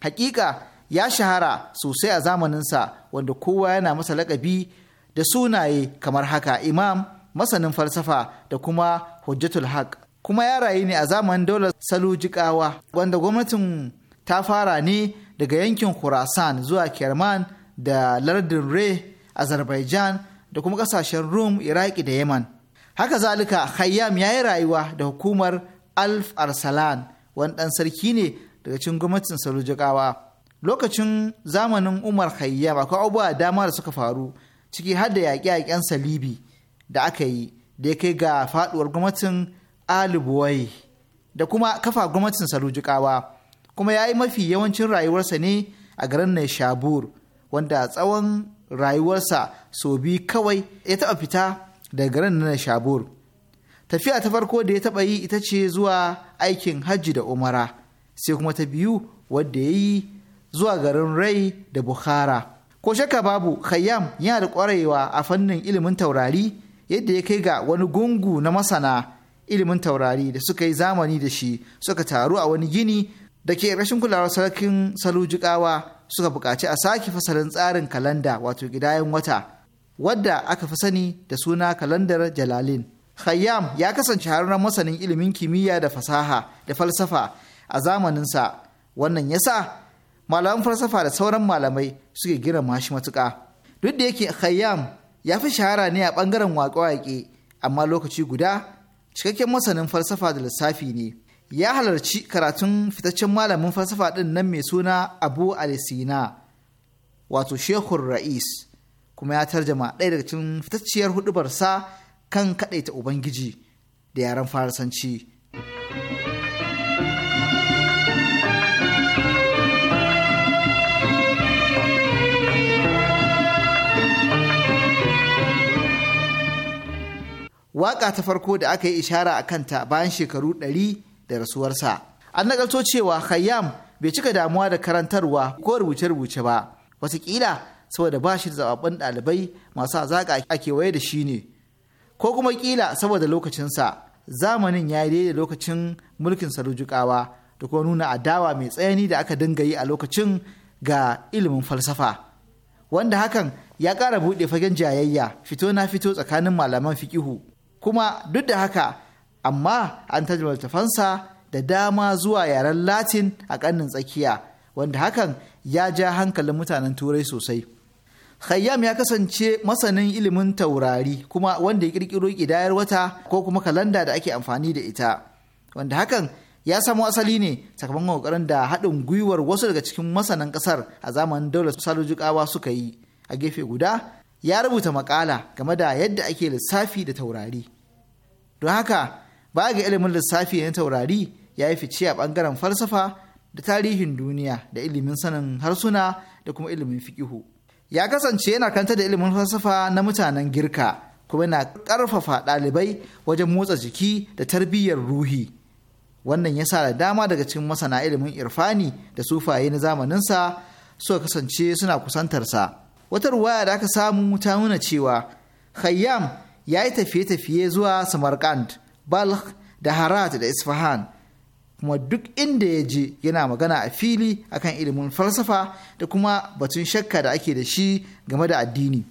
hakika ya shahara sosai a zamaninsa wanda kowa yana masa laƙabi da sunaye kamar haka imam masanin falsafa da kuma hujjatul haq kuma ya rayu ne a zamanin daular salujikawa wanda gwamnatin ta fara ne daga yankin khurasan zuwa kerman da lardin re azerbaijan da kuma kasashen rum iraki da yaman haka zalika khayyam ya yi rayuwa da hukumar alf arsalan wani ɗan sarki ne daga cikin gwamnatin salujikawa lokacin zamanin umar khayyam akwai abubuwa dama da suka faru ciki har da yaƙe-yaƙen salibi da aka yi da ya kai ga faɗuwar gwamnatin alibuwai da kuma kafa gwamnatin salujukawa kuma ya yi mafi yawancin rayuwarsa ne a garin Shabur, wanda tsawon rayuwarsa sau biyu kawai ya taɓa fita daga garin na Shabur. Tafiya ta farko da ya taɓa yi ita ce zuwa aikin hajji da umara sai kuma ta biyu wadda ya yi zuwa garin rai da Bukhara. ko shakka babu khayyam yana da ƙwarewa a fannin ilimin taurari yadda ya kai ga wani gungu na masana ilimin taurari da suka yi zamani da shi suka taru a wani gini da ke rashin kulawar sarkin salujikawa suka buƙaci a sake fasalin tsarin kalanda wato gidayen wata wadda aka fi sani da suna kalandar jalalin khayyam ya kasance harunan masanin ilimin kimiyya da fasaha da falsafa a zamaninsa wannan yasa malaman falsafa da sauran malamai suke girma shi matuka. duk da yake khayyam ya fi shahara ne a bangaren waƙe-waƙe amma lokaci guda cikakken masanin falsafa da lissafi ne ya halarci karatun fitaccen malamin falsafa ɗin nan mai suna abu alisina wato shehun ra'is kuma ya tarjama ɗaya daga cikin fitacciyar hudubarsa kan kaɗaita ubangiji da yaren farasanci. waƙa ta farko da aka yi ishara a kanta bayan shekaru ɗari da rasuwarsa. An nakalto cewa Khayyam bai cika damuwa da karantarwa ko rubuce-rubuce ba, wataƙila saboda ba shi da zababban ɗalibai masu azaƙa a kewaye da shi ne, ko kuma ƙila saboda lokacinsa zamanin ya yi da lokacin mulkin Sarujukawa da kuma nuna adawa mai tsayani da aka dinga yi a lokacin ga ilimin falsafa. Wanda hakan ya kara buɗe fagen jayayya fito na fito tsakanin malaman fikihu kuma duk da haka amma an tarjama littafansa da dama zuwa yaren latin a ƙannin tsakiya wanda hakan ya ja hankalin mutanen turai sosai khayyam ya kasance masanin ilimin taurari kuma wanda ya kirkiro ƙidayar wata ko kuma kalanda da ake amfani da ita wanda hakan ya samo asali ne sakamakon kokarin da haɗin gwiwar wasu daga cikin masanan ƙasar a zamanin daular salujukawa suka yi a gefe guda ya rubuta makala game da yadda ake lissafi da taurari don haka ba ga ilimin lissafi na taurari ya yi fice a ɓangaren falsafa da tarihin duniya da ilimin sanin harsuna da kuma ilimin fikihu ya kasance yana kanta da ilimin falsafa na mutanen girka kuma yana ƙarfafa ɗalibai wajen motsa jiki da tarbiyyar ruhi wannan ya sa da dama daga cikin masana ilimin irfani da sufaye na zamaninsa suka kasance suna kusantarsa wata ruwaya da aka samu ta nuna cewa khayyam ya yi tafiye-tafiye zuwa samarkand balkh da harat da isfahan kuma duk inda ya je yana magana a fili akan ilimin falsafa da kuma batun shakka da ake da shi game da addini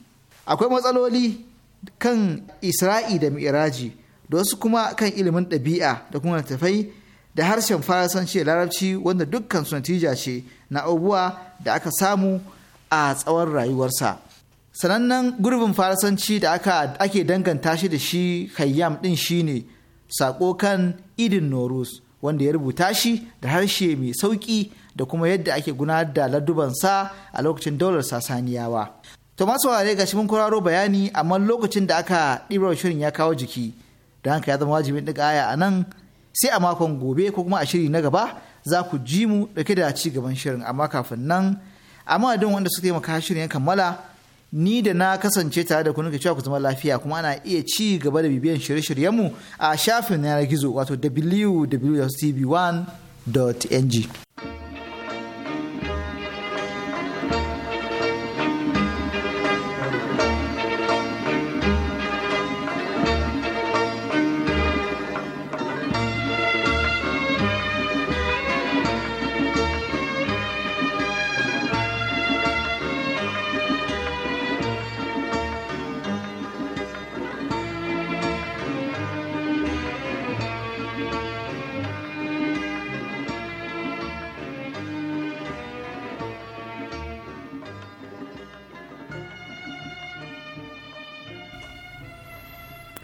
akwai matsaloli kan isra'i da mi'raji da wasu kuma kan ilimin ɗabi'a da kuma tafai da harshen farasanci da larabci wanda dukkan su natija ce na abubuwa da aka samu a tsawon rayuwarsa sanannen gurbin farasanci da ake danganta shi da shi khayyam din shine sako kan idin norus wanda ya rubuta shi da harshe mai sauki da kuma yadda ake gudanar da laddubansa a lokacin daular sasaniyawa Thomas ware ga mun kuraro bayani amma lokacin da aka ɗibar shirin ya kawo jiki don haka ya zama wajibin ɗiga aya a nan sai a makon gobe ko kuma a shiri na gaba za ku ji mu ɗauke da ci gaban shirin amma kafin nan amma adin wanda suka maka shirin yan kammala ni da na kasance tare da kunuka cewa ku zama lafiya kuma ana iya ci gaba da bibiyan shirye-shiryenmu a shafin yanar gizo wato www.tv1.ng.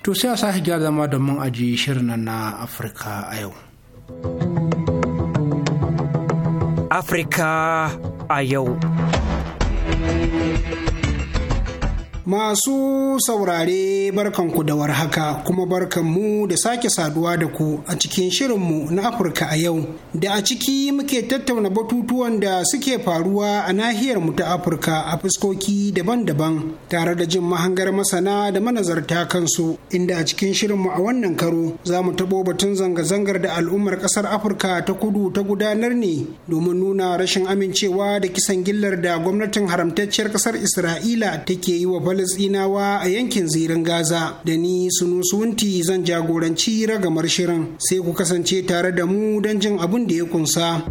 to sai a sake gyara zama da mun aji shirin na afirka a yau afirka a yau Masu saurare barkanku da warhaka kuma barkanmu da sake saduwa da ku a cikin shirinmu na Afirka a yau da a ciki muke tattauna batutuwan da suke faruwa a nahiyar mu ta Afirka a fuskoki daban-daban tare da jin mahangar masana da manazarta kansu inda a cikin shirinmu a wannan karo za mu taɓo batun zanga-zangar da al'ummar ƙasar Afirka ta kudu ta gudanar ne domin nuna rashin amincewa da kisan gillar da gwamnatin haramtacciyar ƙasar Isra'ila take yi wa falasɗinawa a yankin zirin gaza da ni sunu suwunti zan jagoranci ragamar shirin sai ku kasance tare da mu don jin abin da ya kunsa.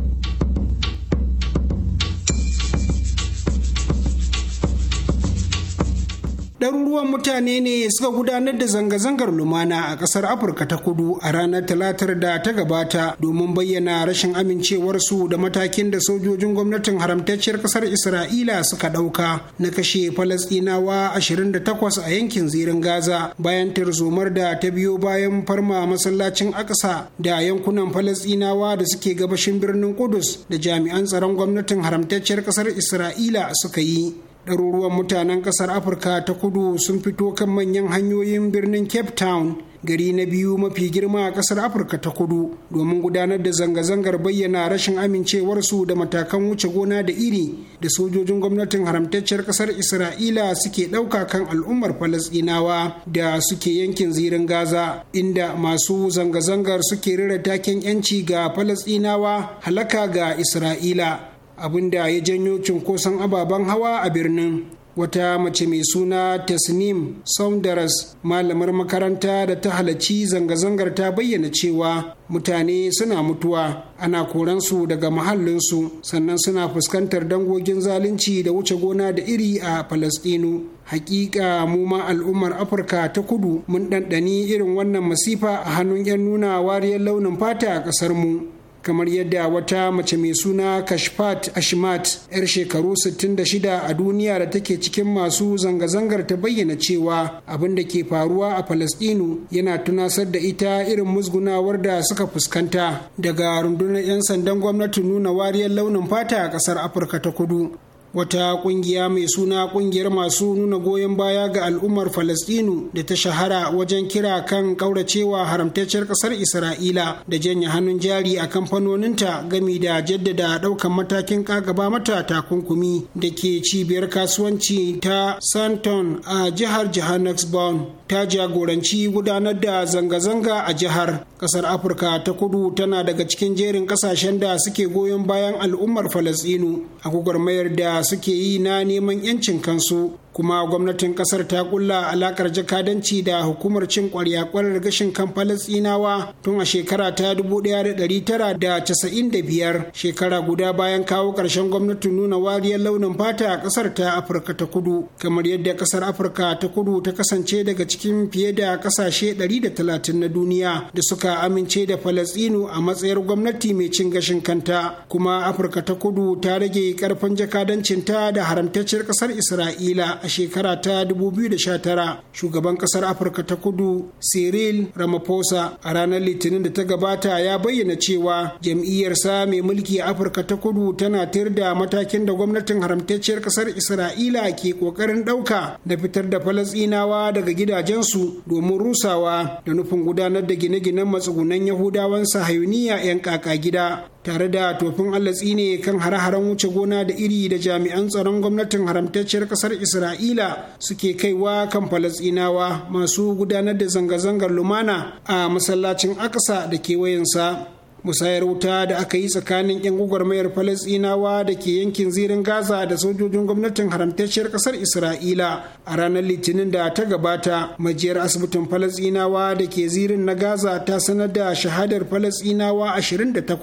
ɗaruruwan mutane ne suka gudanar da zanga-zangar lumana a ƙasar afirka ta kudu a ranar talatar da ta gabata domin bayyana rashin amincewarsu da matakin da sojojin gwamnatin haramtacciyar ƙasar isra'ila suka ɗauka na kashe falasɗinawa 28 a yankin zirin gaza bayan tarzomar da ta biyo bayan farma masallacin aksa da yankunan falasɗinawa da suke gabashin birnin kudus da jami'an tsaron gwamnatin haramtacciyar ƙasar isra'ila suka yi ɗaruruwan mutanen ƙasar afirka ta kudu sun fito kan manyan hanyoyin birnin cape town gari na biyu mafi girma a ƙasar afirka ta kudu domin gudanar da zanga-zangar bayyana rashin amincewarsu da matakan wuce gona da iri da sojojin gwamnatin haramtacciyar ƙasar isra'ila suke ɗauka kan al'ummar falasɗinawa da suke yankin zirin gaza inda masu zanga-zangar suke rira taken yanci ga falasɗinawa halaka ga isra'ila Abin abinda ya janyo cunkoson ababen hawa a birnin wata mace mai suna tasnim saundaras malamar makaranta da ta halarci zanga-zangar ta bayyana cewa mutane suna mutuwa ana koransu daga mahallinsu sannan suna fuskantar dangogin zalunci da wuce gona da iri a falastinu hakika mu ma al'ummar afirka ta kudu mun ɗanɗani irin wannan masifa a hannun 'yan nuna wariyar launin fata a ƙasar mu kamar yadda wata mace mai suna kashfat ashmat yar shekaru 66 a duniya da take cikin masu zanga-zangar ta bayyana cewa abin da ke faruwa a palestinu yana tunasar da ita irin musgunawar da suka fuskanta daga rundunar 'yan sandan gwamnati nuna wariyar launin fata a kasar afirka ta kudu wata kungiya mai suna kungiyar masu nuna goyon baya ga al'ummar falastinu da ta shahara wajen kira kan kauracewa haramtacciyar kasar isra'ila da janye hannun jari a kamfanoninta gami da jaddada daukan matakin kagaba mata takunkumi da ke cibiyar kasuwanci ta santon a jihar johannesburg ta jagoranci gudanar da zanga-zanga a jihar kasar afirka ta kudu tana daga cikin jerin kasashen da suke goyon bayan al'ummar falastinu a gwagwarmayar da suke yi na neman 'yancin kansu kuma gwamnatin kasar ta kulla alakar jakadanci da hukumar cin kwarya kwarar gashin kan falastinawa tun a shekara ta 1995 shekara guda bayan kawo ƙarshen gwamnatin nuna wariyar launin fata a kasar ta afirka ta kudu kamar yadda kasar afirka ta kudu ta kasance daga cikin fiye da kasashe 130 na duniya da suka amince da falastinu a matsayar gwamnati mai cin gashin kanta kuma afirka ta kudu ta rage karfin jakadancinta da haramtacciyar kasar isra'ila a shekara ta 2019 shugaban kasar afirka ta kudu cyril ramaphosa a ranar litinin da ta gabata ya bayyana cewa jam'iyyarsa mai mulki a afirka ta kudu tana tir da matakin da gwamnatin haramtacciyar kasar isra'ila ke kokarin ɗauka da fitar da falasinawa daga gidajensu domin rusawa da nufin gudanar da gine-ginen matsugunan yahudawan sahayuniya 'yan kaka gida tare da tofin Allah tsine kan hare-haren wuce gona da iri da jami'an tsaron gwamnatin haramtacciyar kasar isra'ila suke kaiwa kan falasinawa masu gudanar da zanga-zangar lumana a masallacin aksa da kewayensa musayar wuta da aka yi tsakanin 'yan gwagwarmayar falasinawa da ke yankin zirin gaza da sojojin gwamnatin haramtacciyar ƙasar isra'ila a ranar litinin da ta gabata majiyar asibitin falasinawa da ke zirin na gaza ta sanar da shahadar falasinawa 28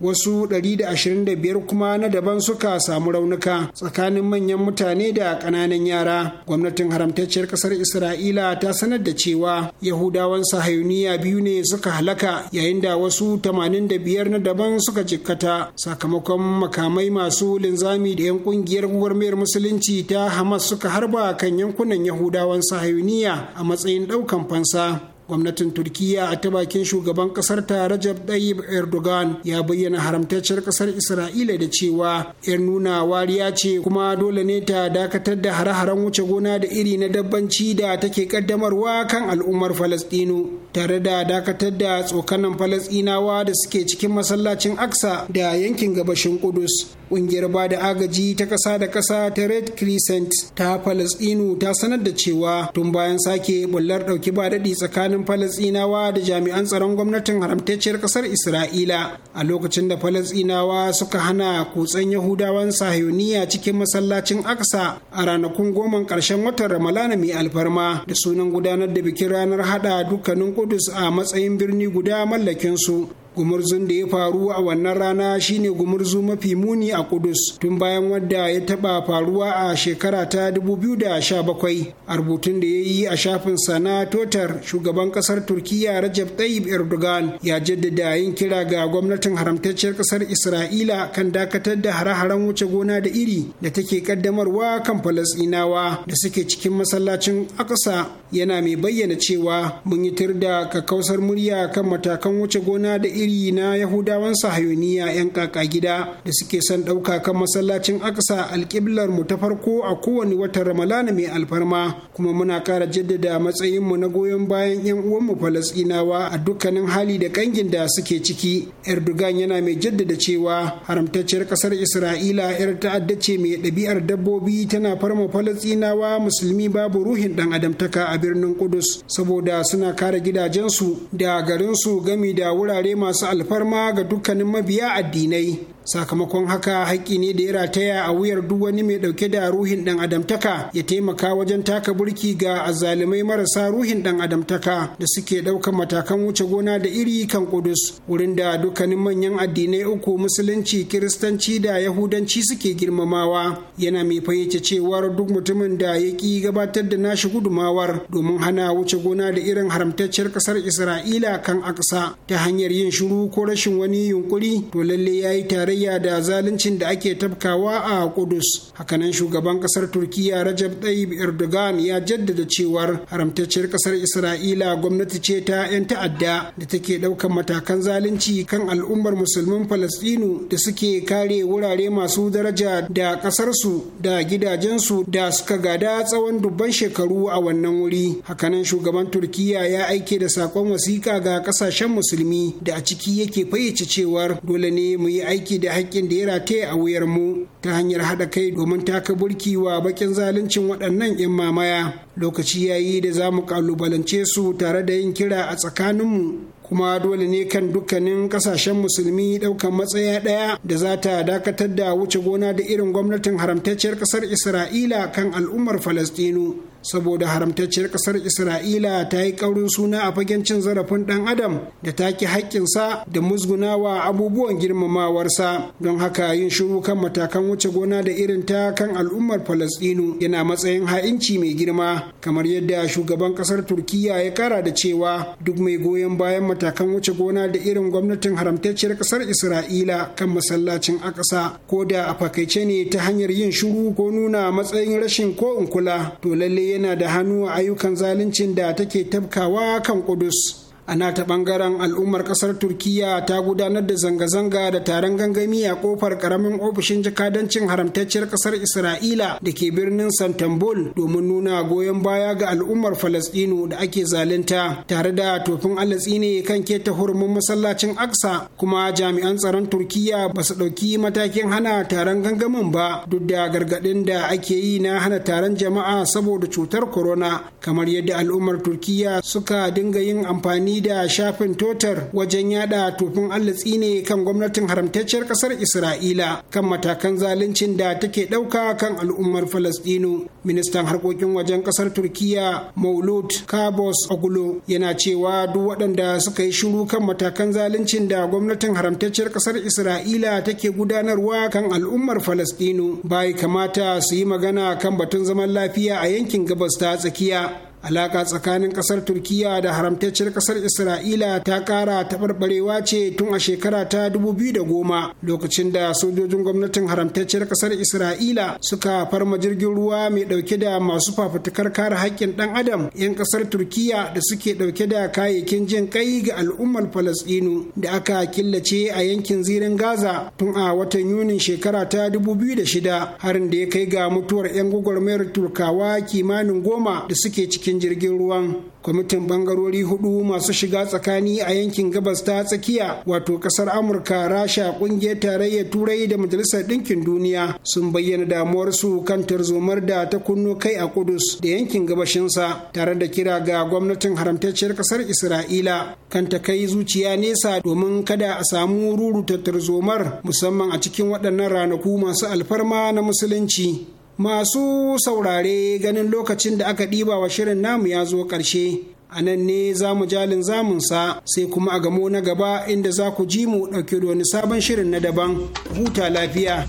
wasu 125 kuma na daban suka samu raunuka tsakanin manyan mutane da ƙananan yara gwamnatin haramtacciyar ƙasar isra'ila ta sanar da cewa yahudawan sahayuniya biyu ne suka halaka yayin da wasu 80 biyar na daban suka jikkata sakamakon makamai masu linzami da 'yan kungiyar gwagwarmayar musulunci ta hamas suka harba kan yankunan yahudawan sahayuniya a matsayin daukan fansa gwamnatin turkiya a ta bakin shugaban kasar ta rajab tayyip erdogan ya bayyana haramtacciyar kasar isra'ila da cewa yar nuna wariya ce kuma dole ne ta dakatar da hare-haren wuce gona da iri na dabbanci da take kaddamarwa kan al'ummar falastinu tare da dakatar da tsokanan falastinawa da suke cikin masallacin aksa da yankin gabashin kudus Ƙungiyar ba da agaji ta ƙasa da ƙasa ta Red Crescent ta Falasɗinu ta sanar da cewa tun bayan sake bullar ɗauki ba daɗi tsakanin Falasɗinawa da jami'an tsaron gwamnatin haramtacciyar ƙasar Isra'ila a lokacin da Falasɗinawa suka hana kutsen Yahudawan sahiyoniya cikin masallacin Aksa a ranakun goma ƙarshen watan Ramalana mai alfarma da sunan gudanar da bikin ranar haɗa dukkanin Kudus a matsayin birni guda mallakinsu gumurzun da ya faru a wannan rana shine gumurzu mafi muni a kudus tun bayan wadda ya taba faruwa a shekara ta 2017 a rubutun da ya yi a shafin sana totar shugaban kasar turkiya rajab tayyip erdogan ya jaddada yin kira ga gwamnatin haramtacciyar kasar isra'ila kan dakatar da hare-haren wuce gona da iri da take kaddamarwa kan falasinawa da suke cikin masallacin akasa yana mai bayyana cewa mun yi tir da kakkausar murya kan matakan wuce gona da iri shiri na yahudawan sahayoniya 'yan kaka gida da suke son ɗauka kan masallacin aksa alƙiblar mu ta farko a kowane watan ramalana mai alfarma kuma muna kara jaddada matsayin mu na goyon bayan 'yan uwanmu falasɗinawa a dukkanin hali da ƙangin da suke ciki erdogan yana mai jaddada cewa haramtacciyar ƙasar isra'ila 'yar ta'adda ce mai ɗabi'ar dabbobi tana farma falasɗinawa musulmi babu ruhin ɗan adamtaka a birnin kudus saboda suna kare gidajensu da garinsu gami da wurare masu masu alfarma ga dukkanin mabiya addinai sakamakon haka haƙƙi ne da ya rataya a wuyar duk wani mai ɗauke da ruhin ɗan adamtaka ya taimaka wajen taka burki ga azzalumai marasa ruhin ɗan adamtaka da suke ɗaukar matakan wuce gona da iri kan kudus wurin da dukkanin manyan addinai uku musulunci kiristanci da yahudanci suke girmamawa yana mai fayyace cewar duk mutumin da ya ƙi gabatar da nashi gudumawar domin hana wuce gona da irin haramtacciyar ƙasar isra'ila kan aksa ta hanyar yin shiru ko rashin wani yunkuri to lalle ya yi tare tarayya da zaluncin da ake tafkawa a Kudus. Hakanan shugaban kasar Turkiya Rajab Tayyip Erdogan ya jaddada cewar haramtacciyar kasar Isra'ila gwamnati ce ta 'yan ta'adda da take ɗaukar matakan zalunci kan al'ummar musulmin Falastinu da suke kare wurare masu daraja da ƙasarsu da gidajensu da suka gada tsawon dubban shekaru a wannan wuri. Hakanan shugaban Turkiya ya aike da saƙon wasiƙa ga ƙasashen musulmi da a ciki yake fayyace cewar dole ne mu yi aiki da da haƙƙin da ya rataye a wuyar mu ta hanyar haɗa kai domin taka burki wa bakin zaluncin waɗannan 'yan mamaya lokaci yayi da za mu ƙalubalance su tare da yin kira a tsakaninmu kuma dole ne kan dukkanin kasashen musulmi ɗaukan matsaya ɗaya da za ta dakatar da wuce gona da irin gwamnatin haramtacciyar ƙasar isra'ila kan al'ummar falastinu saboda haramtacciyar ƙasar isra'ila ta yi ƙaurin suna a fagen cin zarafin ɗan adam da ta ki haƙƙinsa da musgunawa abubuwan girmamawarsa don haka yin shiru kan matakan wuce gona da irin ta kan al'ummar falastinu yana matsayin ha'inci mai girma kamar yadda shugaban ƙasar turkiya ya kara da cewa duk mai goyon bayan matakan wuce gona da irin gwamnatin haramtacciyar ƙasar isra'ila kan masallacin akasa ko da a fakaice ne ta hanyar yin shiru ko nuna matsayin rashin ko in kula to lallai. yana da hannu a ayyukan zaluncin da take tabkawa kan Kudus. ana ta bangaren al'ummar kasar turkiya ta gudanar da zanga-zanga da taron gangami a kofar karamin ofishin jakadancin haramtacciyar kasar isra'ila da ke birnin santambul domin nuna goyon baya ga al'ummar falastinu da ake zalunta tare da tofin alatsi ne kan keta hurumin masallacin aksa kuma jami'an tsaron turkiya ba su ɗauki matakin hana taron gangamin ba duk da gargaɗin da ake yi na hana taron jama'a saboda cutar corona kamar yadda al'ummar turkiya suka dinga yin amfani da shafin totar wajen yada tufin allatsi ne kan gwamnatin haramtacciyar kasar isra'ila kan matakan zaluncin da take dauka kan al'ummar falastinu ministan harkokin wajen kasar turkiya maulud kabos ogulo yana cewa duk waɗanda suka yi shiru kan matakan zaluncin da gwamnatin haramtacciyar kasar isra'ila take gudanarwa kan al'ummar falastinu bai kamata su yi magana kan batun zaman lafiya a yankin gabas ta tsakiya alaka tsakanin kasar turkiya da haramtacciyar kasar isra'ila ta kara taɓarɓarewa ce tun a shekara ta 2010 lokacin da sojojin gwamnatin haramtacciyar kasar isra'ila suka farma jirgin ruwa mai ɗauke da masu fafutukar kare haƙƙin ɗan adam 'yan kasar turkiya da suke ɗauke da kayayyakin jin kai ga al'ummar falastinu da aka killace a yankin zirin gaza tun a watan yunin shekara ta 2006 harin da ya kai ga mutuwar 'yan gwagwarmayar turkawa kimanin goma da suke ciki cikin jirgin ruwan kwamitin bangarori hudu masu shiga tsakani a yankin gabas ta tsakiya wato kasar amurka rasha kungiyar tarayyar turai da majalisar ɗinkin duniya sun bayyana damuwarsu kan tarzomar da ta kunno kai a kudus da yankin gabashinsa tare da kira ga gwamnatin haramtacciyar kasar isra'ila kan ta kai zuciya nesa domin kada a samu ruru tarzomar musamman a cikin waɗannan ranaku masu alfarma na musulunci Masu saurare ganin lokacin da aka ɗiba wa shirin namu ya zo ƙarshe. A nan ne za mu jalin zamunsa sai kuma a gamo na gaba inda za ku ji mu ɗauke da wani sabon shirin na daban. Huta lafiya.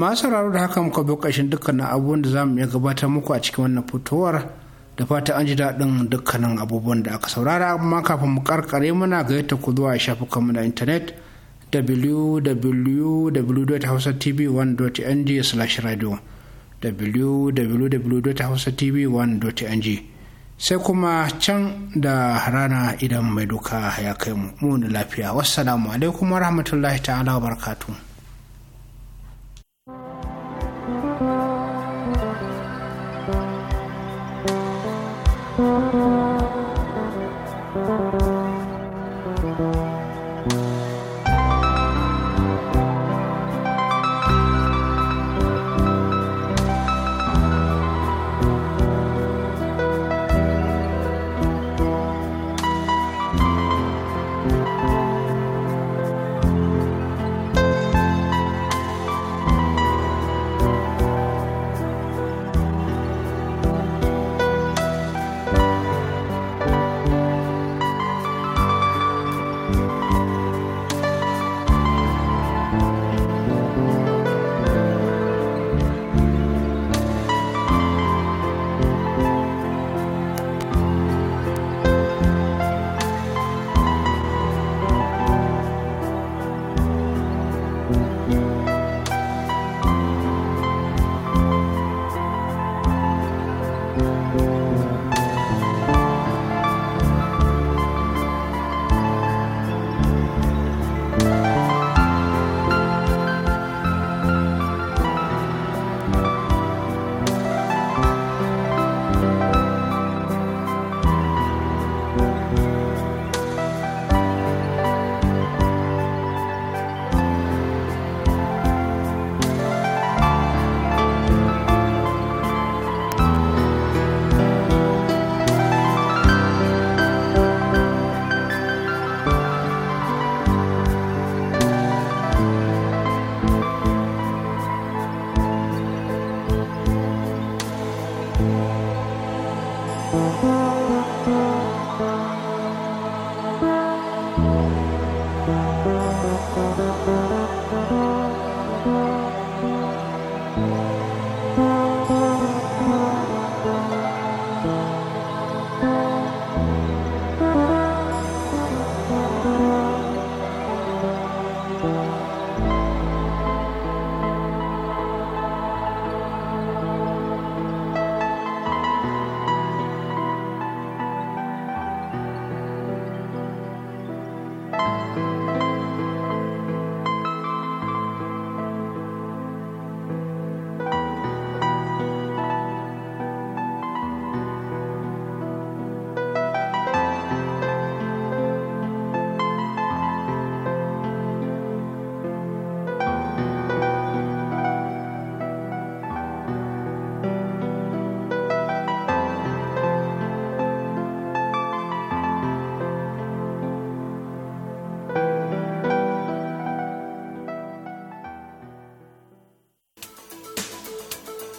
masu raro da haka muka bi ƙarshen dukkanin abubuwan da za mu iya gabatar muku a cikin wannan fitowar da fata an ji daɗin dukkanin abubuwan da aka saurara amma kafin mu karkare muna gayyata ku zuwa mu na intanet www.hausatv1.ng radio www.hausatv1.ng sai kuma can da rana idan mai duka ya kai mu mu lafiya wassalamu alaikum rahmatullahi ta'ala wa barakatuh